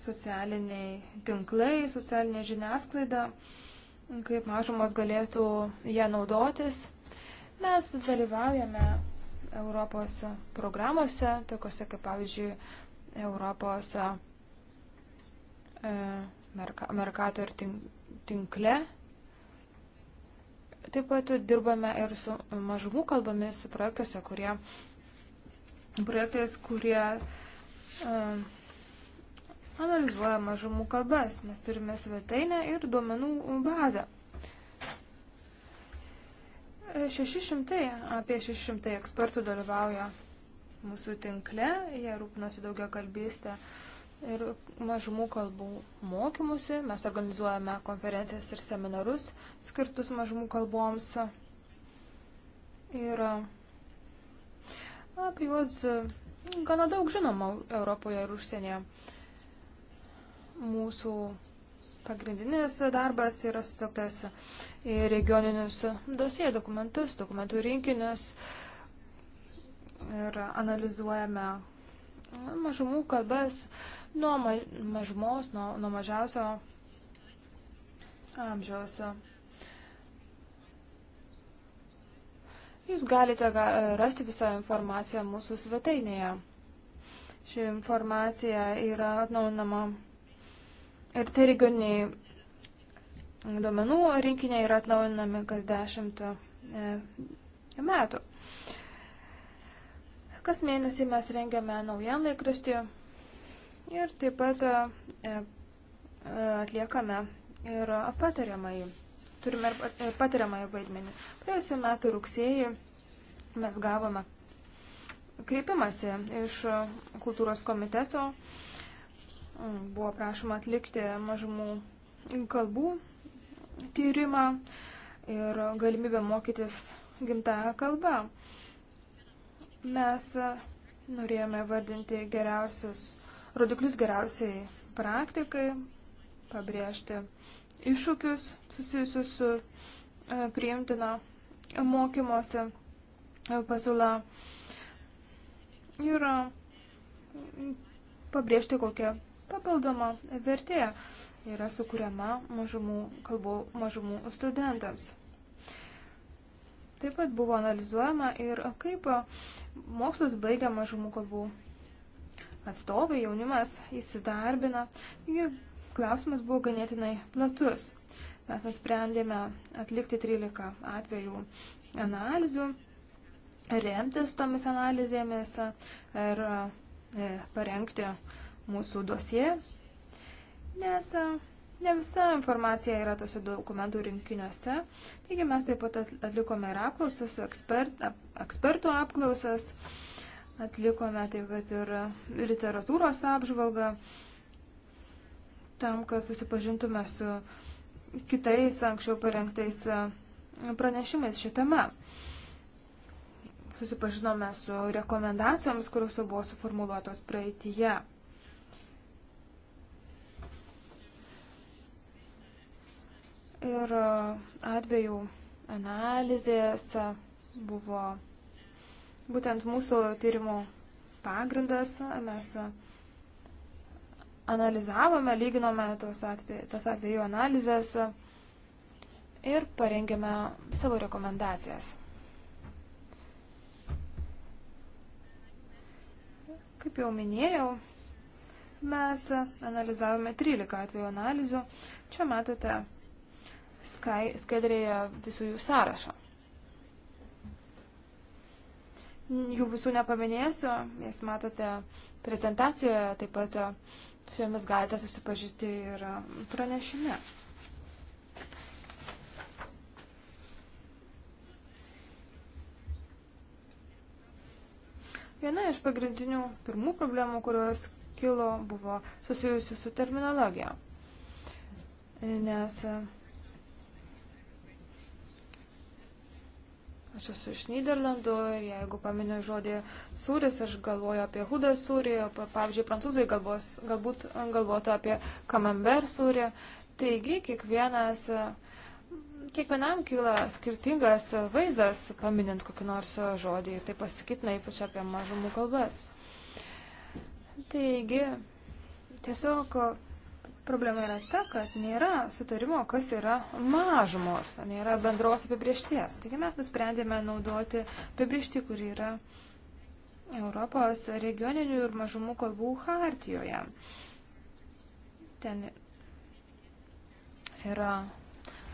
socialiniai tinklai, socialinė žiniasklaida, kaip mažumas galėtų ją naudotis. Mes dalyvaujame Europos programuose, tokiuose kaip pavyzdžiui Europos e, merkato ir tinkle. Taip pat dirbame ir su mažumų kalbomis projektuose, kurie, projektais, kurie uh, analizuoja mažumų kalbas. Mes turime svetainę ir duomenų bazę. 600, e, apie 600 ekspertų dalyvauja mūsų tinkle, jie rūpinasi daugia kalbystę ir mažumų kalbų mokymusi. Mes organizuojame konferencijas ir seminarus skirtus mažumų kalboms. Ir apie juos gana daug žinoma Europoje ir užsienyje. Mūsų pagrindinis darbas yra sutelktas į regioninius dosie dokumentus, dokumentų rinkinius, uh, ir analizuojame e, mažumų kalbas nuo mažumos, nuo, nuo mažiausio amžiaus. Jūs galite rasti visą informaciją mūsų svetainėje. Ši informacija yra atnaunama ir tai regioniniai duomenų rinkiniai yra atnaunami kas dešimt e, metų. Kas mėnesį mes rengiame naujienlaikraštį ir taip pat e, e, atliekame ir patariamai, turime ir patariamai vaidmenį. Praėjusiu metu rugsėjį mes gavome kreipimąsi iš kultūros komiteto, buvo prašoma atlikti mažumų kalbų tyrimą ir galimybę mokytis gimtają kalbą. Mes e, norėjome vardinti geriausius rodiklius geriausiai praktikai, pabrėžti iššūkius susijusius su e, priimtina mokymosi e, pasiūla ir pabrėžti, kokia papildoma vertė yra sukuriama mažumų kalbų mažumų studentams. Taip pat buvo analizuojama ir kaip mokslus baigia mažumų kalbų atstovai, jaunimas įsidarbina. Taigi klausimas buvo ganėtinai platus. Mes nusprendėme atlikti 13 atvejų analizių, remtis tomis analizėmis ir e, parengti mūsų dosie, nes Ne visa informacija yra tose dokumentų rinkiniuose. Taigi mes taip pat atlikome ir apklausas, ekspert, ekspertų apklausas, atlikome taip pat ir literatūros apžvalgą, tam, kad susipažintume su kitais anksčiau parengtais e, pranešimais šią temą. Susipažinome su rekomendacijoms, kurios buvo suformuoluotos praeitie. ir e, atvejų analizės buvo būtent mūsų tyrimų pagrindas. Mes analizavome, lyginome tos atvejų, tas atvejų analizės ir parengėme savo rekomendacijas. Kaip jau minėjau, mes analizavome 13 atvejų analizių. Čia matote skaidrėje visų jų sąrašą. Jų visų nepaminėsiu, jas matote prezentacijoje, taip pat su jomis galite susipažinti ir pranešime. Viena iš pagrindinių pirmų problemų, kurios kilo, buvo susijusi su terminologija. Nes Aš esu iš Niderlandų ir jeigu paminė žodį sūris, aš galvoju apie hudą sūrį, pavyzdžiui, prancūzai galvos, galbūt galvotų apie kamember sūrį. Taigi, kiekvienas, kiekvienam kyla skirtingas vaizdas, paminint kokį nors žodį, tai pasakytina ypač apie mažumų kalbas. Taigi, tiesiog Problema yra ta, kad nėra sutarimo, kas yra mažumos, nėra bendros apibriešties. Taigi mes nusprendėme naudoti apibriešti, kur yra Europos regioninių ir mažumų kalbų hartijoje. Ten yra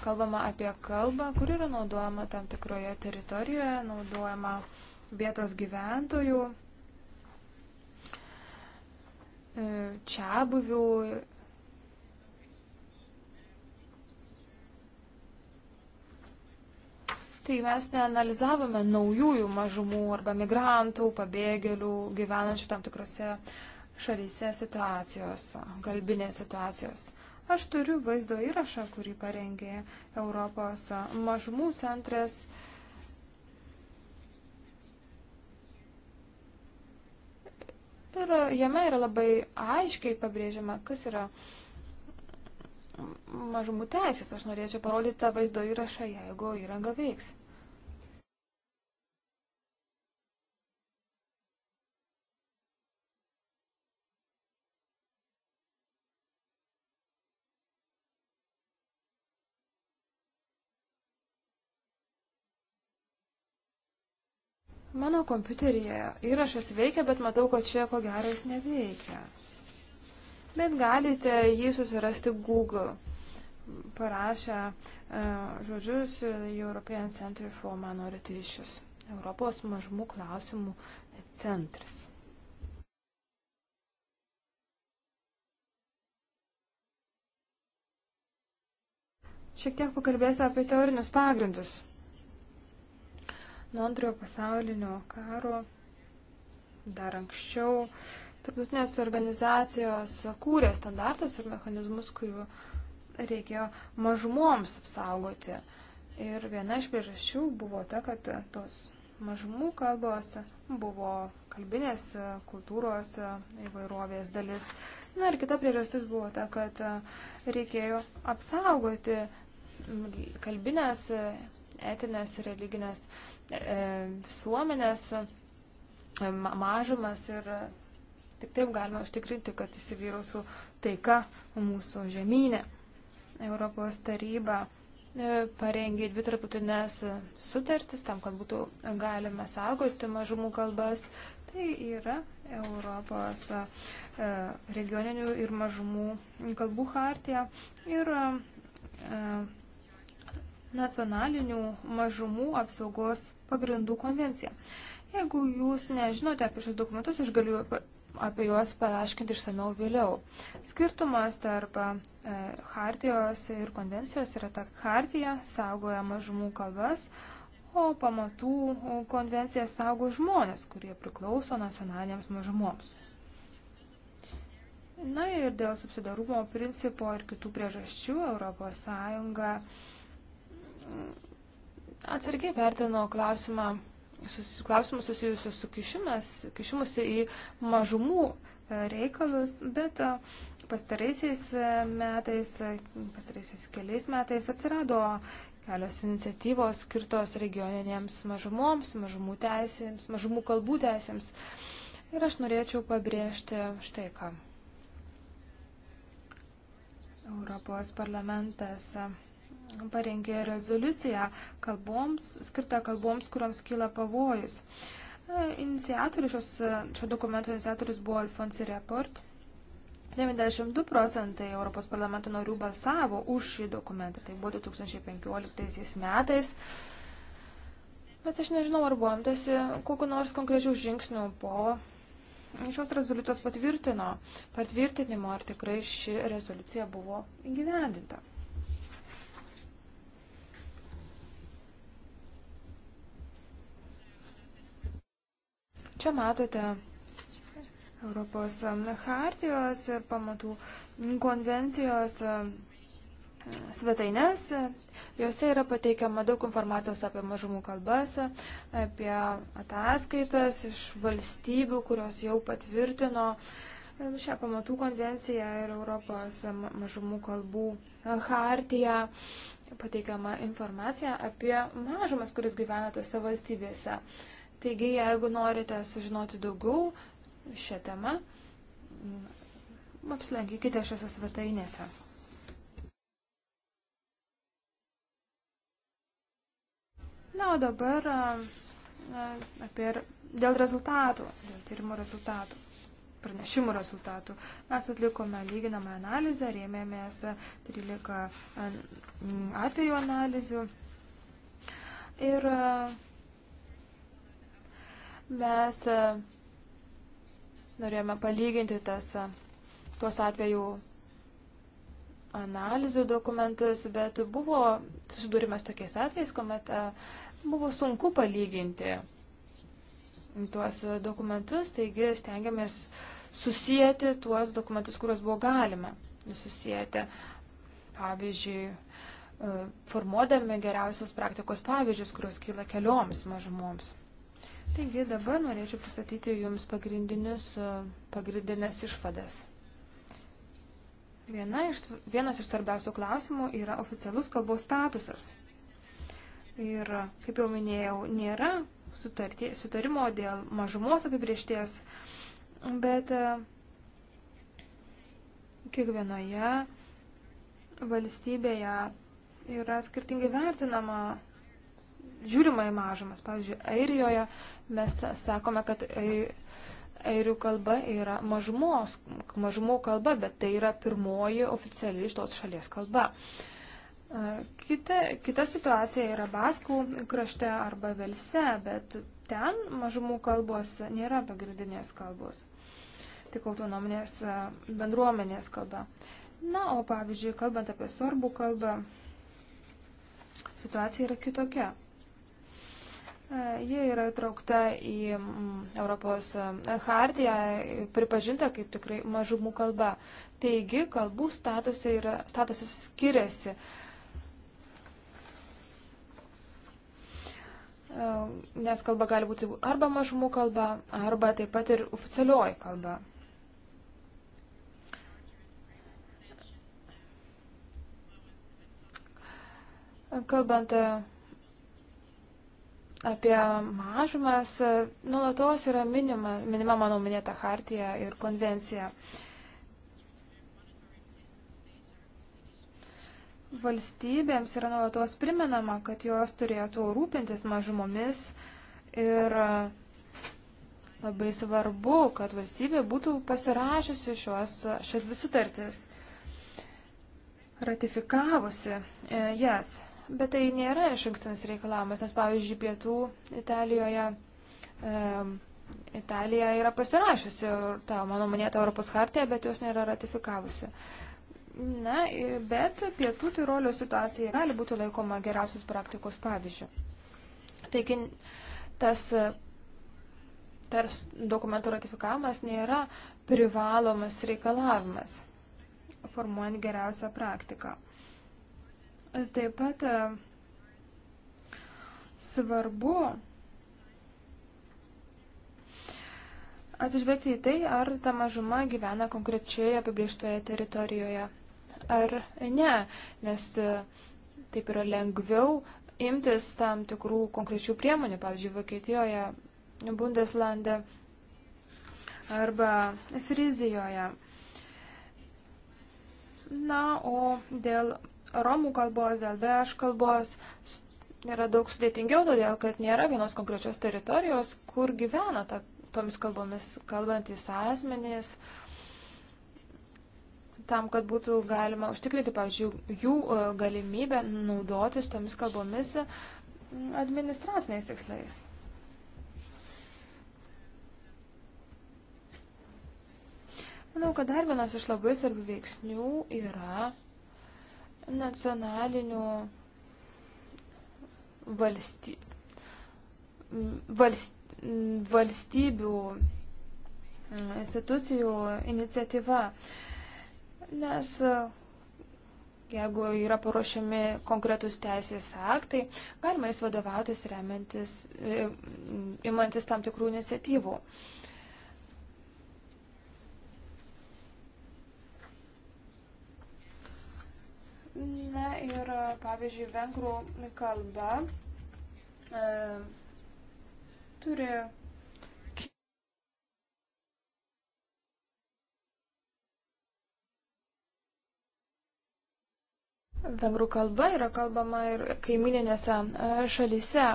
kalbama apie kalbą, kur yra naudojama tam tikroje teritorijoje, naudojama vietos gyventojų, e, čia buvių tai mes neanalizavome naujųjų mažumų arba migrantų, pabėgėlių gyvenančių tam tikrose šalyse situacijos, kalbinės situacijos. Aš turiu vaizdo įrašą, kurį parengė Europos mažumų centras. Ir jame yra labai aiškiai pabrėžiama, kas yra mažumų teisės. Aš norėčiau parodyti tą vaizdo įrašą, jeigu įranga veiks. Mano kompiuteryje įrašas veikia, bet matau, kad čia ko gero jis neveikia. Bet galite jį susirasti Google, parašę uh, žodžius e, European Center for Minority Issues, Europos mažmų klausimų centras. Šiek tiek pakalbėsiu apie teorinius pagrindus. Nuo antrojo pasaulinio karo dar anksčiau tarptautinės organizacijos kūrė standartus ir mechanizmus, kurių reikėjo mažumoms apsaugoti. Ir viena iš priežasčių buvo ta, kad tos mažumų kalbos buvo kalbinės kultūros įvairovės dalis. Na ir kita priežastis buvo ta, kad reikėjo apsaugoti kalbinės etinės ir religinės e, visuomenės e, mažumas ir tik taip galima užtikrinti, kad įsivyrausų taika mūsų žemynė. Europos taryba e, parengė dvi tarptautinės sutartis tam, kad būtų galima saugoti mažumų kalbas. Tai yra Europos regioninių ir mažumų kalbų hartija ir nacionalinių mažumų apsaugos pagrindų konvenciją. Jeigu jūs nežinote apie šios dokumentus, aš galiu apie juos paaiškinti išsameu vėliau. Skirtumas tarp e, hartijos ir konvencijos yra ta hartija saugoja mažumų kalbas, o pamatų konvencija saugo žmonės, kurie priklauso nacionaliniams mažumoms. Na ir dėl subsidarumo principo ir kitų priežasčių ES atsargiai vertino klausimą, sus, klausimus susijusius su kišimas, kišimusi į mažumų e, reikalus, bet e, pastaraisiais e, metais, pastaraisiais keliais metais atsirado kelios iniciatyvos skirtos regioninėms mažumoms, mažumų teisėms, mažumų kalbų teisėms. Ir aš norėčiau pabrėžti štai ką. Europos parlamentas parengė rezoliuciją kalboms, skirtą kalboms, kuriuoms kyla pavojus. E, iniciatorius šios, šio dokumento iniciatorius buvo Alfonsi Report. 92 procentai Europos parlamento narių balsavo už šį dokumentą. Tai buvo 2015 metais. Bet aš nežinau, ar buvo imtasi kokiu nors konkrečių žingsnių po šios rezoliucijos patvirtino, patvirtinimo, ar tikrai ši rezoliucija buvo įgyvendinta. Čia matote Europos um, hartijos ir pamatų konvencijos um, svetainės. Jose yra pateikiama daug informacijos apie mažumų kalbas, apie ataskaitas iš valstybių, kurios jau patvirtino um, šią pamatų konvenciją ir Europos mažumų kalbų hartiją. Pateikiama informacija apie mažumas, kuris gyvena tose valstybėse. Uh, Taigi, jeigu norite sužinoti daugiau šią temą, apsilankykite šiose svetainėse. Na, o dabar apie dėl rezultatų, dėl tyrimo rezultatų, pranešimų rezultatų. Mes atlikome lyginamą analizę, rėmėmės 13 atvejų analizių. Ir Mes e, norėjome palyginti tas, e, tuos atvejų analizių dokumentus, bet buvo susidūrimas tokiais atvejais, kuomet e, buvo sunku palyginti tuos dokumentus, taigi stengiamės susijęti tuos dokumentus, kuriuos buvo galima susijęti. Pavyzdžiui, formuodami geriausios praktikos pavyzdžius, kurios kyla kelioms mažumoms. Taigi dabar norėčiau pristatyti Jums e, pagrindinės išvadas. Viena iš, vienas iš svarbiausių klausimų yra oficialus kalbos statusas. Ir, kaip jau minėjau, nėra sutartė, sutarimo dėl mažumos apibriešties, bet e, kiekvienoje valstybėje yra skirtingai vertinama žiūrima į mažumas. Pavyzdžiui, Airijoje mes sakome, kad airių kalba yra mažumos, mažumų kalba, bet tai yra pirmoji oficiali iš tos šalies kalba. Kita, kita situacija yra Baskų krašte arba Velse, bet ten mažumų kalbos nėra pagrindinės kalbos, tik autonominės bendruomenės kalba. Na, o pavyzdžiui, kalbant apie sorbų kalbą, situacija yra kitokia. Jie yra įtraukta į mm, Europos e, hartiją, pripažinta kaip tikrai mažumų kalba. Taigi, kalbų statusai, yra, statusai skiriasi. E, nes kalba gali būti arba mažumų kalba, arba taip pat ir oficialioji kalba. Kalbant e, apie mažumas nulatos yra minima, minima mano minėta hartija ir konvencija. Valstybėms yra nulatos priminama, kad jos turėtų rūpintis mažumomis ir e, labai svarbu, kad valstybė būtų pasirašiusi šios šias dvi sutartis, ratifikavusi e, jas. Yes bet tai nėra iš ankstinis reikalavimas, nes pavyzdžiui, pietų Italijoje, e, Italija yra pasirašusi tą mano minėtą Europos hartiją, bet jos nėra ratifikavusi. Na, bet pietų Tirolio situacija gali būti laikoma geriausios praktikos pavyzdžių. Taigi, tas tas dokumentų ratifikavimas nėra privalomas reikalavimas, formuojant geriausią praktiką. Taip pat e, svarbu atsižvelgti į tai, ar ta mažuma gyvena konkrečioje apibrieštoje teritorijoje ar ne, nes e, taip yra lengviau imtis tam tikrų konkrečių priemonių, pavyzdžiui, Vokietijoje, Bundeslande arba Frizijoje. Na, o dėl romų kalbos, dėl beš kalbos yra daug sudėtingiau, todėl kad nėra vienos konkrečios teritorijos, kur gyvena ta, tomis kalbomis kalbantys asmenys tam, kad būtų galima užtikrinti, pavyzdžiui, jų e, galimybę naudotis tomis kalbomis e, administraciniais tikslais. Manau, kad dar vienas iš labai svarbių veiksnių yra nacionalinių valsty... Valst... valstybių mm, institucijų iniciatyva. Nes jeigu yra paruošiami konkretus teisės aktai, galima jais vadovautis remiantis, e, imantis tam tikrų iniciatyvų. Uh, Na ir, pavyzdžiui, vengrų kalba e, turi Vengrų kalba yra kalbama ir kaimininėse e, šalyse.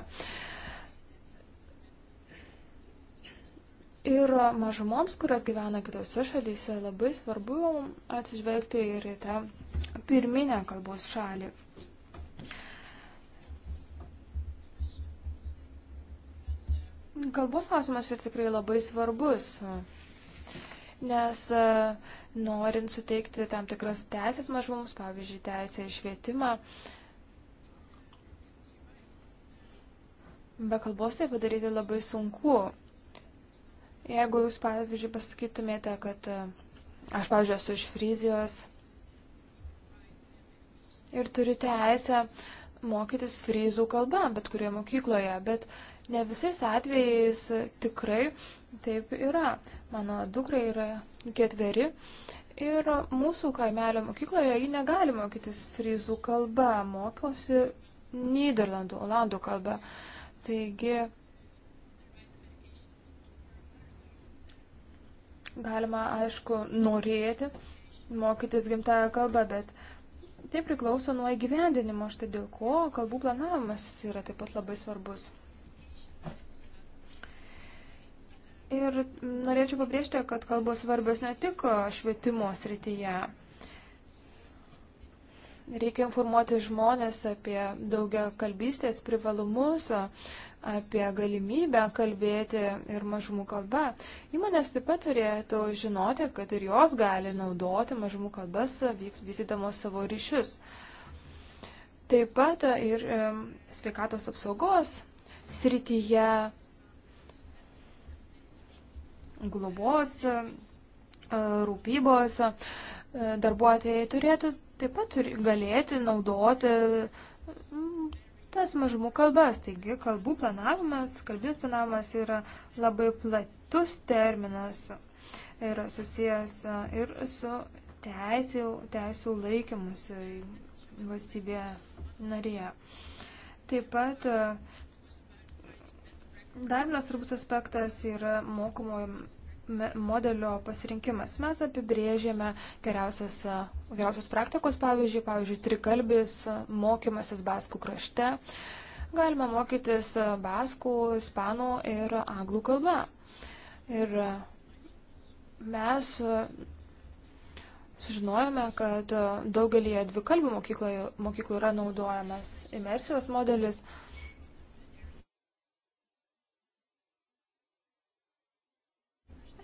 Ir mažumoms, kurios gyvena kitose šalyse, labai svarbu atsižvelgti ir į tą pirminę kalbos šalį. Kalbos klausimas yra tikrai labai svarbus, nes e, norint suteikti tam tikras teisės mažumus, pavyzdžiui, teisę į švietimą, be kalbos tai padaryti labai sunku. Jeigu jūs, pavyzdžiui, pasakytumėte, kad e, aš, pavyzdžiui, esu iš Frizijos, ir turi teisę mokytis fryzų kalbą, bet kurioje mokykloje, bet ne visais atvejais tikrai taip yra. Mano dukra yra ketveri ir mūsų kaimelio mokykloje ji negali mokytis fryzų kalbą, mokiausi Niderlandų, Olandų kalbą. Taigi galima, aišku, norėti mokytis gimtają kalbą, bet Tai priklauso nuo įgyvendinimo, štai dėl ko kalbų planavimas yra taip pat labai svarbus. Ir norėčiau pabrėžti, kad kalbos svarbios ne tik švietimo srityje. Reikia informuoti žmonės apie daugia kalbystės privalumus, apie galimybę kalbėti ir mažumų kalba. Įmonės taip pat turėtų žinoti, kad ir jos gali naudoti mažumų kalbas, vystydamos savo ryšius. Taip pat ir sveikatos apsaugos srityje globos, e, rūpybos e, darbuotojai turėtų taip pat galėti naudoti tas mažumų kalbas. Taigi kalbų planavimas, kalbinis planavimas yra labai platus terminas, yra susijęs ir su teisių, teisių laikymus valstybėje narėje. Taip pat dar vienas svarbus aspektas yra mokomojo modelio pasirinkimas. Mes apibrėžėme geriausias, geriausias praktikos, pavyzdžiui, pavyzdžiui, trikalbis mokymasis baskų krašte. Galima mokytis baskų, ispanų ir anglų kalba. Ir mes sužinojome, kad daugelį dvikalbių mokyklų yra naudojamas imersijos modelis.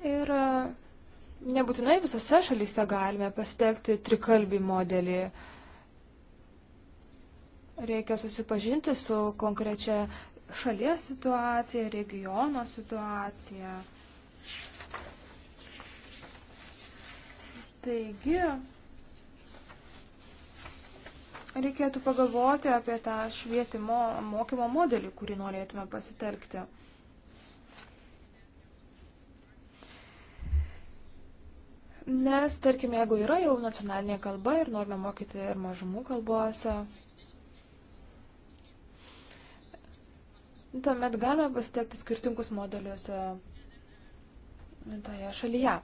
Ir e, nebūtinai visose šalyse galime pasitelkti trikalbį modelį. Reikia susipažinti su konkrečia šalies situacija, regiono situacija. Taigi, reikėtų pagalvoti apie tą švietimo mokymo modelį, kurį norėtume pasitelkti. Nes, tarkim, jeigu yra jau nacionalinė kalba ir norime mokyti ir mažumų kalbose, tuomet galime pasitekti skirtingus modelius e, toje šalyje.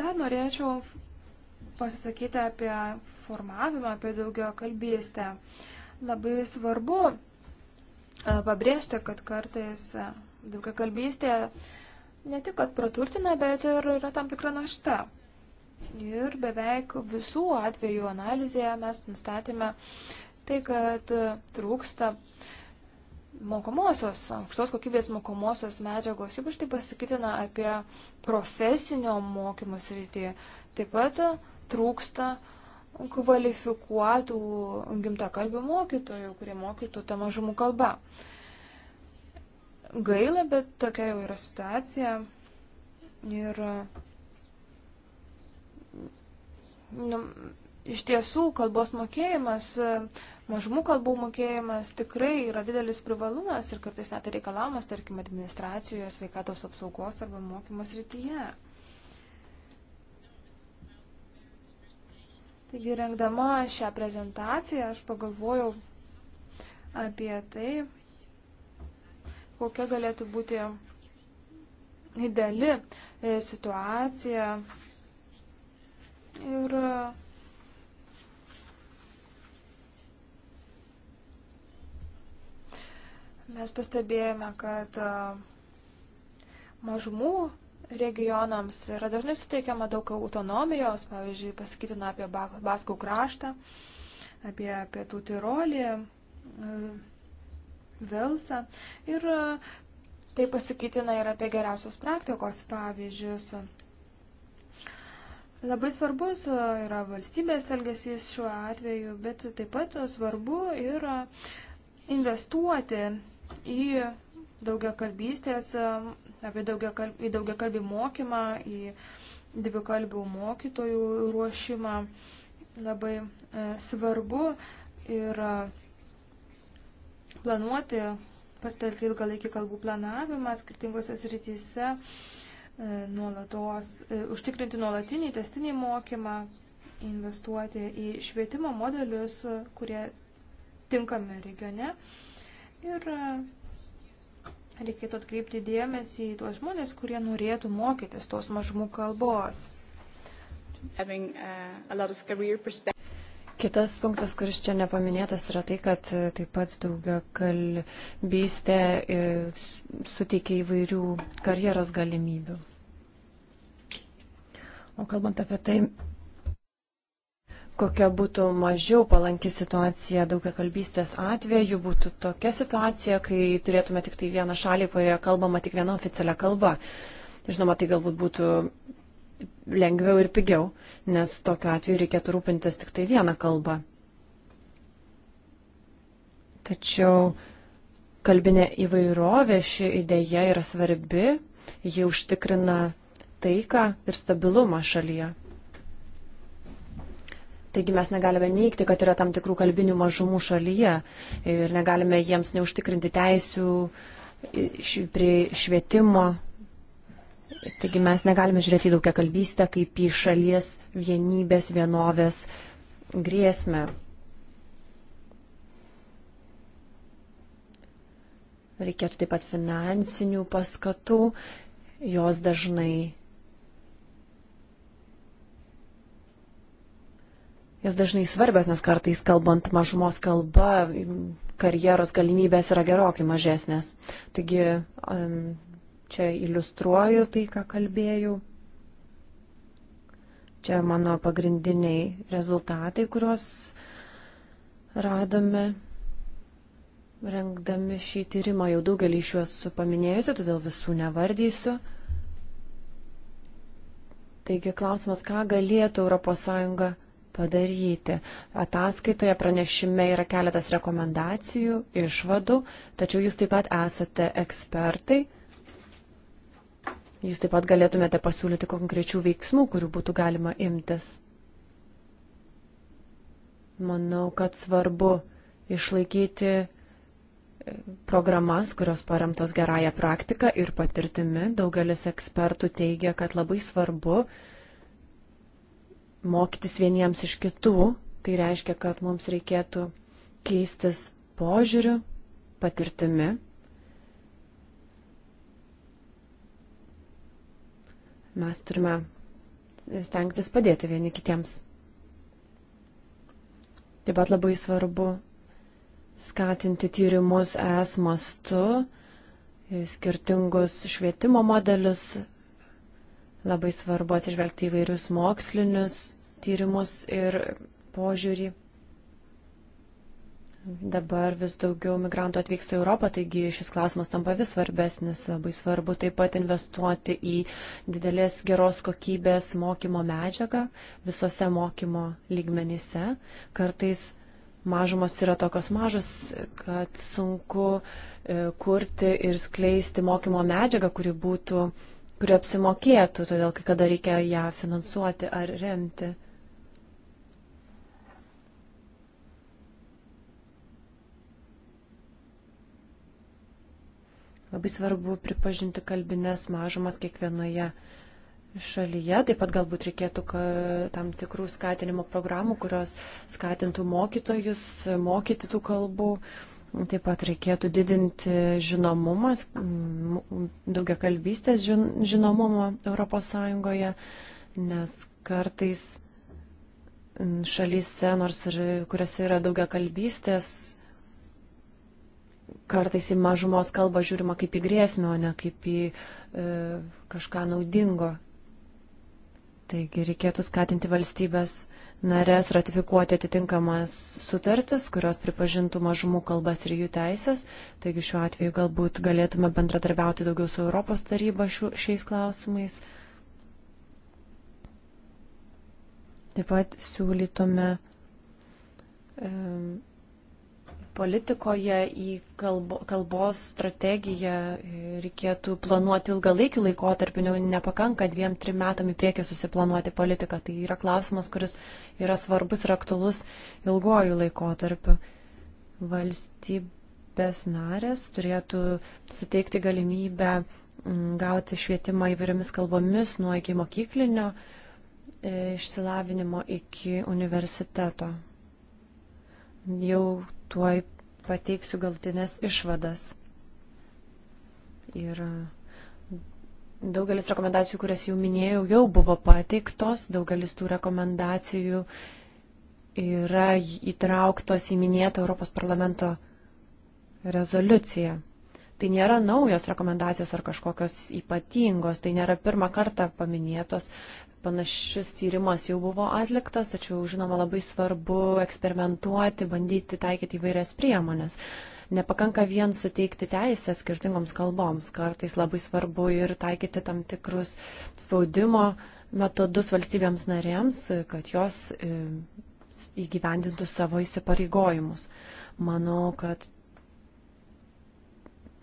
Dar norėčiau pasisakyti apie formavimą, apie daugio kalbystę. Labai svarbu pabrėžti, kad kartais daugia kalbystė ne tik, kad praturtina, bet ir yra tam tikra našta. Ir beveik visų atvejų analizėje mes nustatėme tai, kad trūksta mokomosios, aukštos kokybės mokomosios medžiagos, ypač tai pasakytina apie profesinio mokymus rytį. Taip pat trūksta uh, kvalifikuotų gimtakalbių mokytojų, kurie mokytų tą mažumų kalbą. Gaila, bet tokia jau yra situacija. Ir nu, iš tiesų kalbos mokėjimas, mažumų kalbų mokėjimas tikrai yra didelis privalumas ir kartais net reikalavimas, tarkim, administracijos, sveikatos apsaugos arba mokymos rytyje. Taigi, rengdama šią prezentaciją, aš pagalvojau apie tai, kokia galėtų būti ideali e, situacija ir e, mes pastebėjome, kad e, mažumų regionams yra dažnai suteikiama daug autonomijos, pavyzdžiui, pasakytina apie Baskų kraštą, apie Pietų Tirolį, e, Vilsą. Ir e, tai pasakytina ir apie geriausios praktikos pavyzdžius. Labai svarbus e, yra valstybės elgesys šiuo atveju, bet taip pat svarbu yra investuoti į daugia kalbystės apie daugiakalbį, daugiakalbį mokymą, į dvikalbių mokytojų ruošimą. Labai e, svarbu ir e, planuoti, pasitelkti ilgalaikį kalbų planavimą skirtingose srityse, e, nuolatos, užtikrinti nuolatinį testinį mokymą, investuoti į švietimo modelius, kurie tinkami regione. Ir reikėtų atkreipti dėmesį į tuos žmonės, kurie norėtų mokytis tos mažumų kalbos. Uh, Kitas punktas, kuris čia nepaminėtas, yra tai, kad uh, taip pat daugia kalbystė uh, suteikia įvairių karjeros galimybių. O kalbant apie tai, kokia būtų mažiau palanki situacija daugia kalbystės atveju, būtų tokia situacija, kai turėtume tik tai vieną šalį, kurioje kalbama tik viena oficialia kalba. Žinoma, tai galbūt būtų lengviau ir pigiau, nes tokiu atveju reikėtų rūpintis tik tai vieną kalbą. Tačiau kalbinė įvairovė ši idėja yra svarbi, ji užtikrina taiką ir stabilumą šalyje. Taigi mes negalime neikti, kad yra tam tikrų kalbinių mažumų šalyje ir negalime jiems neužtikrinti teisių prie švietimo. Taigi mes negalime žiūrėti į daugia kalbystę kaip į šalies vienybės, vienovės grėsmę. Reikėtų taip pat finansinių paskatų, jos dažnai jos dažnai svarbios, nes kartais kalbant mažumos kalba, karjeros galimybės yra gerokai mažesnės. Taigi čia iliustruoju tai, ką kalbėjau. Čia mano pagrindiniai rezultatai, kuriuos radome rengdami šį tyrimą. Jau daugelį iš juos paminėjusiu, todėl visų nevardysiu. Taigi klausimas, ką galėtų ES padaryti. Ataskaitoje pranešime yra keletas rekomendacijų, išvadų, tačiau jūs taip pat esate ekspertai. Jūs taip pat galėtumėte pasiūlyti konkrečių veiksmų, kurių būtų galima imtis. Manau, kad svarbu išlaikyti e, programas, kurios paremtos gerąją praktiką ir patirtimi. Daugelis ekspertų teigia, kad labai svarbu uh, mokytis vieniems iš kitų, tai reiškia, kad mums reikėtų keistis požiūriu, patirtimi. Mes turime stengtis padėti vieni kitiems. Taip pat labai svarbu skatinti tyrimus es mastu, skirtingus švietimo modelius Labai svarbu atsižvelgti įvairius mokslinius tyrimus ir požiūrį. Dabar vis daugiau migrantų atvyksta į Europą, taigi šis klausimas tampa vis svarbesnis. Labai svarbu taip pat investuoti į didelės geros kokybės mokymo medžiagą visose mokymo lygmenyse. Kartais mažumos yra tokios mažos, kad sunku e, kurti ir skleisti mokymo medžiagą, kuri būtų uh, kuri apsimokėtų, todėl kai kada reikia ją finansuoti ar remti. Labai svarbu pripažinti kalbinės mažumas kiekvienoje šalyje. Taip pat galbūt reikėtų tam tikrų skatinimo programų, kurios skatintų mokytojus mokyti tų kalbų. Uh, Taip pat reikėtų didinti žinomumas, daugia kalbystės žinomumo ES, nes kartais šalyse, nors ir kuriuose yra daugia kalbystės, kartais į mažumos kalbą žiūrima kaip į grėsmę, o ne kaip į e, kažką naudingo. Taigi reikėtų skatinti valstybės narės ratifikuoti atitinkamas sutartis, kurios pripažintų mažumų kalbas ir jų teisės. Taigi šiuo atveju galbūt galėtume bendradarbiauti daugiau su Europos taryba šiu, šiais klausimais. Taip pat siūlytume. Um, e, politikoje į kalbo, kalbos strategiją e, reikėtų planuoti ilgalaikį laikotarpį, nepakanka dviem, trim metam į priekį susiplanuoti politiką. Tai yra klausimas, kuris yra svarbus ir aktualus ilgojų laikotarpiu. Valstybės narės turėtų suteikti galimybę gauti švietimą įvairiomis kalbomis nuo iki mokyklinio e, išsilavinimo iki universiteto. Jau tuoj pateiksiu galtinės išvadas. Ir uh, daugelis rekomendacijų, kurias jau minėjau, jau buvo pateiktos, daugelis tų rekomendacijų yra įtrauktos į minėtą Europos parlamento rezoliuciją. Tai nėra naujos rekomendacijos ar kažkokios ypatingos, tai nėra pirmą kartą paminėtos. Panašus tyrimas jau buvo atliktas, tačiau, žinoma, labai svarbu eksperimentuoti, bandyti taikyti įvairias priemonės. Nepakanka vien suteikti teisę skirtingoms kalboms, kartais labai svarbu ir taikyti tam tikrus spaudimo metodus valstybėms narėms, kad jos e, įgyvendintų savo įsipareigojimus. Manau, kad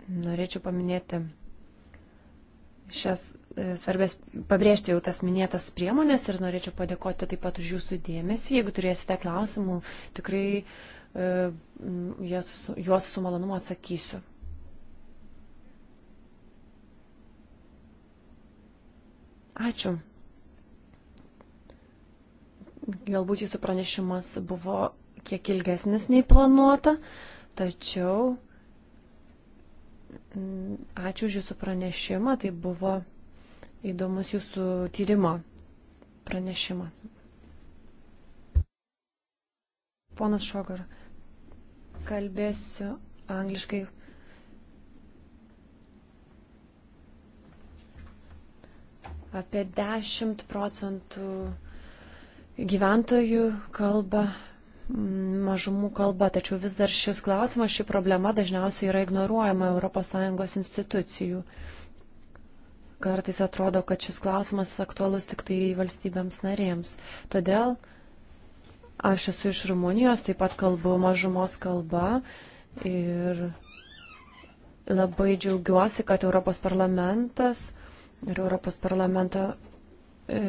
Norėčiau paminėti šias e, svarbės, pabrėžti jau tas minėtas priemonės ir norėčiau padėkoti taip pat už jūsų dėmesį. Jeigu turėsite klausimų, tikrai e, jas, juos su malonumu atsakysiu. Ačiū. Galbūt jūsų pranešimas buvo kiek ilgesnis nei planuota, tačiau Ačiū už Jūsų pranešimą, tai buvo įdomus Jūsų tyrimo pranešimas. Ponas Šogar, kalbėsiu angliškai. Apie 10 procentų gyventojų kalba mažumų kalba, tačiau vis dar šis klausimas, ši problema dažniausiai yra ignoruojama ES institucijų. Kartais atrodo, kad šis klausimas aktualus tik tai valstybėms narėms. Todėl aš esu iš Rumunijos, taip pat kalbu mažumos kalba ir labai džiaugiuosi, kad Europos parlamentas ir Europos parlamento e,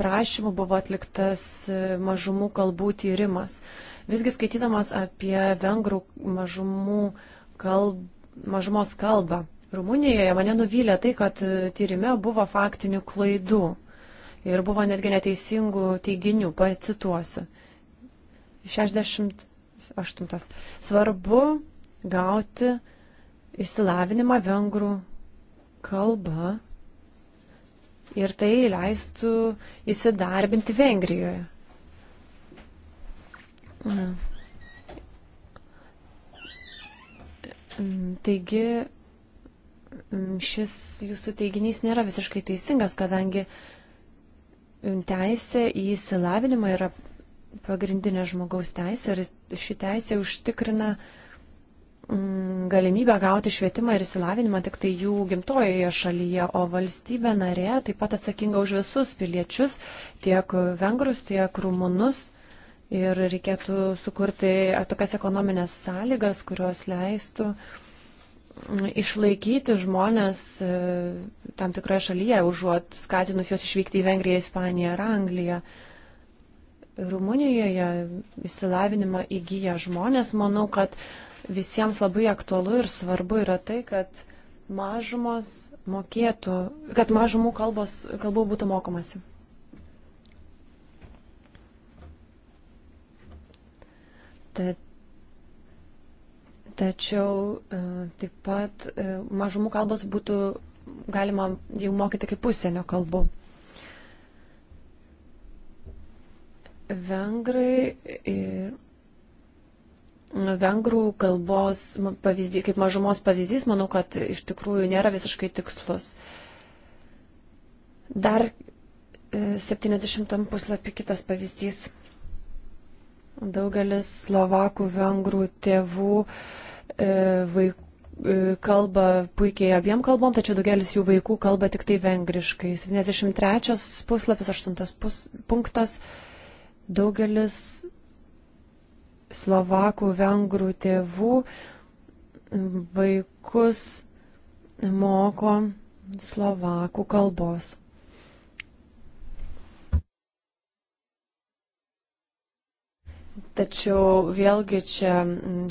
prašymų buvo atliktas e, mažumų kalbų tyrimas. Visgi skaitydamas apie vengrų mažumų kalb, mažumos kalbą Rumunijoje, mane nuvylė tai, kad e, tyrime buvo faktinių klaidų ir buvo netgi neteisingų teiginių, pacituosiu. 68. Svarbu gauti išsilavinimą vengrų kalbą ir tai leistų įsidarbinti Vengrijoje. Taigi šis jūsų teiginys nėra visiškai teisingas, kadangi teisė į įsilavinimą yra pagrindinė žmogaus teisė ir ši teisė užtikrina uh, Mm, galimybę gauti švietimą ir įsilavinimą tik tai jų gimtojoje šalyje, o valstybė narė taip pat atsakinga už visus piliečius, tiek vengrus, tiek rumunus. Ir reikėtų sukurti tokias ekonominės sąlygas, kurios leistų mm, išlaikyti žmonės e, tam tikroje šalyje, užuot skatinus juos išvykti į Vengriją, Ispaniją ar Angliją. Rumunijoje įsilavinimą įgyja žmonės, manau, kad uh, visiems labai aktualu ir svarbu yra tai, kad mažumos mokėtų, kad mažumų kalbos, kalbų būtų mokomasi. Tad, tačiau e, taip pat e, mažumų kalbos būtų galima jau mokyti kaip užsienio kalbų. Vengrai ir vengrų kalbos pavyzdį, kaip mažumos pavyzdys, manau, kad iš tikrųjų nėra visiškai tikslus. Dar 70 e, puslapį kitas pavyzdys. Daugelis slovakų, vengrų tėvų e, vaikų e, kalba puikiai abiem kalbom, tačiau daugelis jų vaikų kalba tik tai vengriškai. 73 puslapis, 8 pus, punktas. Daugelis slovakų, vengrų tėvų vaikus moko slovakų kalbos. Tačiau vėlgi čia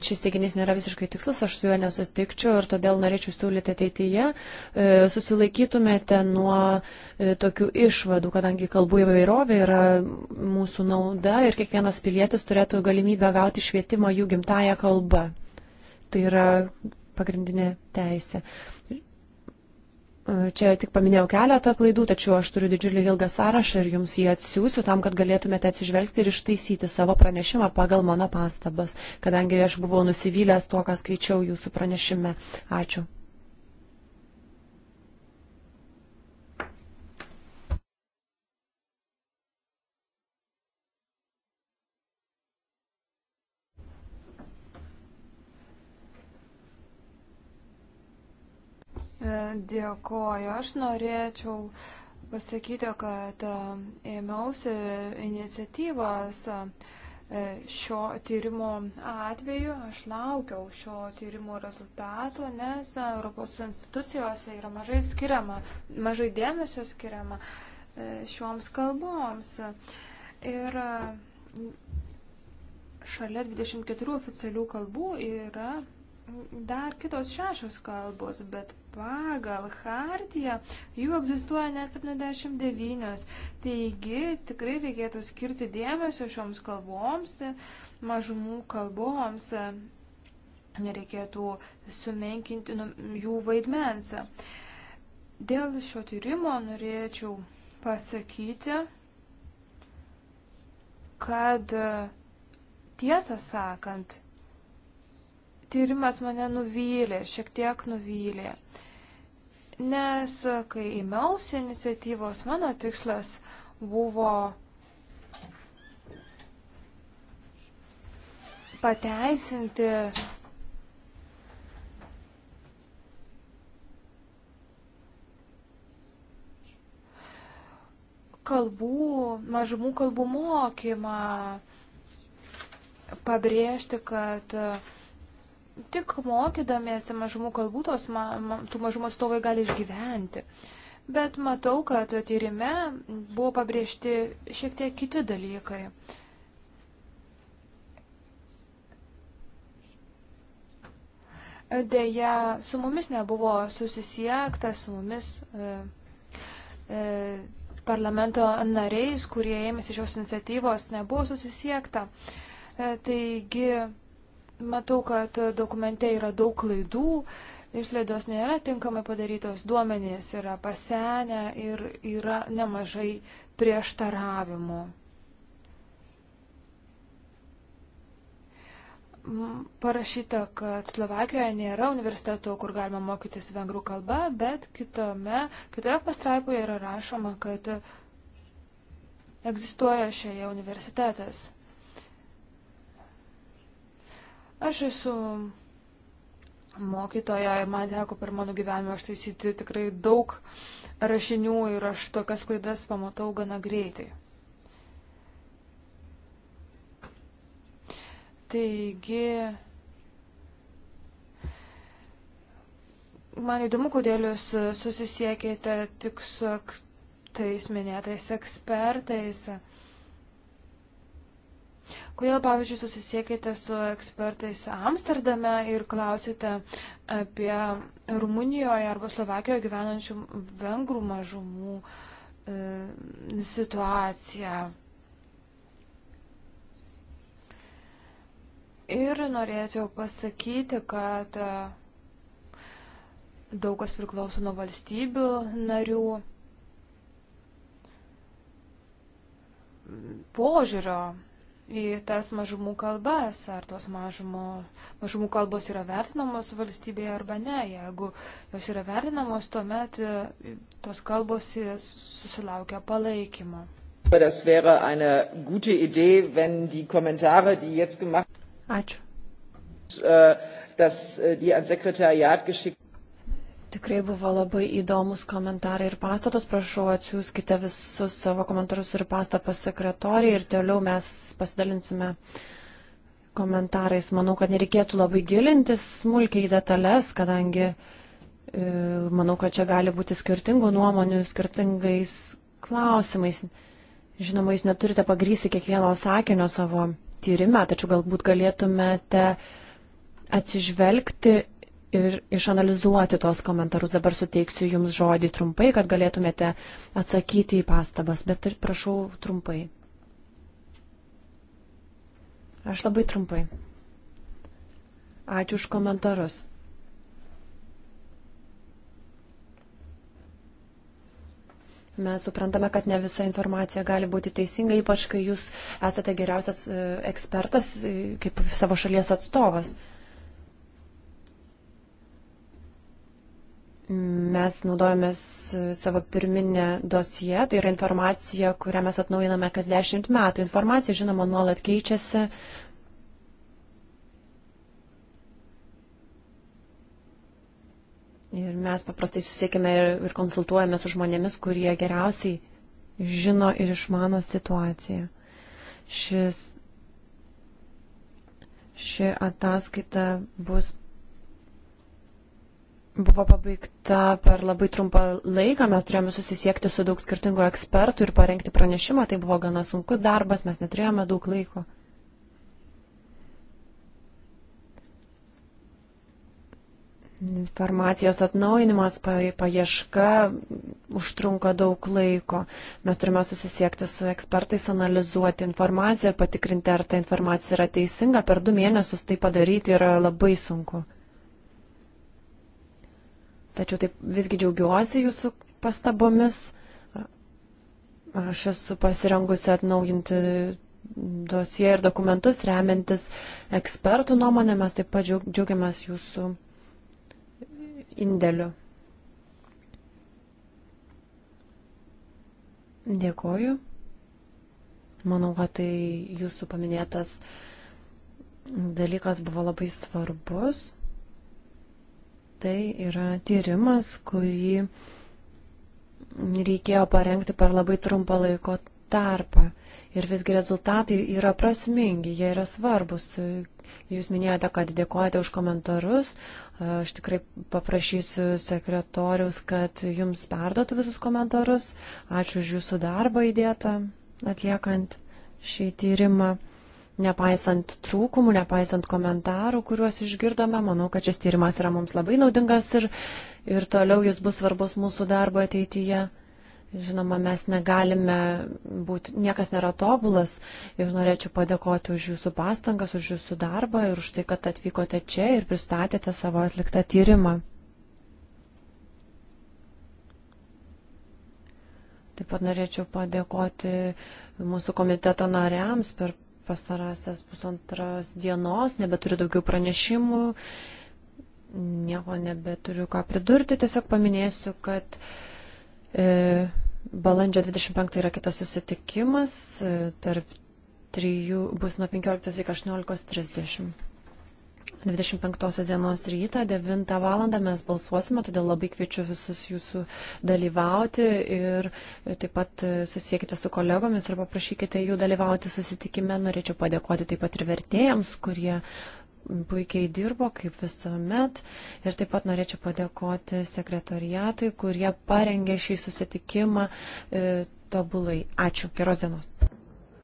šis teiginys nėra visiškai tikslus, aš su juo nesutikčiau ir todėl norėčiau siūlyti ateityje e, susilaikytumėte nuo e, tokių išvadų, kadangi kalbų įvairovė yra mūsų nauda ir kiekvienas pilietis turėtų galimybę gauti švietimą jų gimtają kalbą. Tai yra pagrindinė teisė. Uh, Čia tik paminėjau keletą klaidų, tačiau aš turiu didžiulį ilgą sąrašą ir jums jį atsiųsiu tam, kad galėtumėte atsižvelgti ir ištaisyti savo pranešimą pagal mano pastabas, kadangi aš buvau nusivylęs tuo, ką skaičiau jūsų pranešime. Ačiū. Dėkoju. Aš norėčiau pasakyti, kad e, ėmiausi iniciatyvas e, šio tyrimo atveju. Aš laukiau šio tyrimo rezultato, nes Europos institucijose yra mažai skiriama, mažai dėmesio skiriama e, šioms kalboms. Ir šalia 24 oficialių kalbų yra dar kitos šešios kalbos, bet pagal hartiją jų egzistuoja net 79. Taigi tikrai reikėtų skirti dėmesio šioms kalboms, mažumų kalboms. Nereikėtų sumenkinti nu, jų vaidmens. Dėl šio tyrimo norėčiau pasakyti, kad tiesą sakant, tyrimas mane nuvylė, šiek tiek nuvylė. Nes kai įmiausi iniciatyvos, mano tikslas buvo pateisinti kalbų, mažumų kalbų mokymą, pabrėžti, kad uh, Tik mokydamiesi mažumų kalbų, tos ma, ma, tų mažumų atstovai gali išgyventi. Bet matau, kad tyrime buvo pabrėžti šiek tiek kiti dalykai. Deja, su mumis nebuvo susisiekta, su mumis e, e, parlamento nariais, kurie ėmėsi šios iniciatyvos, nebuvo susisiekta. E, taigi, Matau, kad dokumente yra daug klaidų, išlaidos nėra tinkamai padarytos, duomenys yra pasenę ir yra nemažai prieštaravimų. Parašyta, kad Slovakijoje nėra universiteto, kur galima mokytis vengrų kalba, bet kitome, kitoje pastraipoje yra rašoma, kad egzistuoja šioje universitetas. Aš esu mokytoja ir man teko per mano gyvenimą aš taisyti tikrai daug rašinių ir aš tokias klaidas pamatau gana greitai. Taigi, man įdomu, kodėl jūs susisiekėte tik su tais minėtais ekspertais. Kodėl, pavyzdžiui, susisiekite su ekspertais Amsterdame ir klausite apie Rumunijoje arba Slovakijoje gyvenančių vengrų mažumų e, situaciją? Ir norėčiau pasakyti, kad e, daug kas priklauso nuo valstybių narių požiūrio į tas mažumų kalbas, ar tos mažumo, mažumų kalbos yra vertinamos valstybėje arba ne. Jeigu jos yra vertinamos, tuomet e, tos kalbos susilaukia palaikymo. Ačiū. Äh, dass äh, die an Sekretariat geschickt Tikrai buvo labai įdomus komentarai ir pastatos. Prašau, atsiųskite visus savo komentarus ir pastabą sekretoriai ir toliau mes pasidalinsime komentarais. Manau, kad nereikėtų labai gilintis smulkiai į detalės, kadangi e, manau, kad čia gali būti skirtingų nuomonių, skirtingais klausimais. Žinoma, jūs neturite pagrysti kiekvieno sakinio savo tyrimę, tačiau galbūt galėtumėte atsižvelgti ir išanalizuoti tos komentarus. Dabar suteiksiu Jums žodį trumpai, kad galėtumėte atsakyti į pastabas, bet ir prašau trumpai. Aš labai trumpai. Ačiū už komentarus. Mes suprantame, kad ne visa informacija gali būti teisinga, ypač kai jūs esate geriausias e, ekspertas e, kaip savo šalies atstovas. Mes naudojamės e, savo pirminę dosiją, tai yra informacija, kurią mes atnaujiname kas dešimt metų. Informacija, žinoma, nuolat keičiasi. Ir mes paprastai susiekime ir, ir konsultuojame su žmonėmis, kurie geriausiai žino ir išmano situaciją. Šis, ši ataskaita bus buvo pabaigta per labai trumpą laiką, mes turėjome susisiekti su daug skirtingų ekspertų ir parengti pranešimą, tai buvo gana sunkus darbas, mes neturėjome daug laiko. Informacijos atnaujinimas, paieška užtrunka daug laiko. Mes turime susisiekti su ekspertais, analizuoti informaciją, patikrinti, ar ta informacija yra teisinga. Per du mėnesius tai padaryti yra labai sunku. Tačiau taip visgi džiaugiuosi jūsų pastabomis. Aš esu pasirengusi atnaujinti dosie ir dokumentus, remiantis ekspertų nuomonę. Mes taip pat džiaugiamės jūsų indėliu. Dėkoju. Manau, kad tai jūsų paminėtas dalykas buvo labai svarbus. Tai yra tyrimas, kurį reikėjo parengti per labai trumpą laiko tarpą. Ir visgi rezultatai yra prasmingi, jie yra svarbus. Jūs minėjote, kad dėkojate už komentarus. Aš tikrai paprašysiu sekretorius, kad jums perduotų visus komentarus. Ačiū už jūsų darbą įdėtą atliekant šį tyrimą. Nepaisant trūkumų, nepaisant komentarų, kuriuos išgirdome, manau, kad šis tyrimas yra mums labai naudingas ir, ir toliau jis bus svarbus mūsų darbo ateityje. Žinoma, mes negalime būti, niekas nėra tobulas ir norėčiau padėkoti už jūsų pastangas, už jūsų darbą ir už tai, kad atvykote čia ir pristatėte savo atliktą tyrimą. Taip pat norėčiau padėkoti mūsų komiteto nariams per pastarąsias pusantras dienos, nebeturiu daugiau pranešimų, nieko nebeturiu ką pridurti, tiesiog paminėsiu, kad e, balandžio 25 yra kitas susitikimas, e, tarp trijų bus nuo 15 iki 18.30. 25 dienos rytą, 9 val. mes balsuosime, todėl labai kviečiu visus jūsų dalyvauti ir taip pat susiekite su kolegomis ir paprašykite jų dalyvauti susitikime. Norėčiau padėkoti taip pat ir vertėjams, kurie puikiai dirbo, kaip visuomet. Ir taip pat norėčiau padėkoti sekretoriatui, kurie parengė šį susitikimą e, tobulai. Ačiū, geros dienos.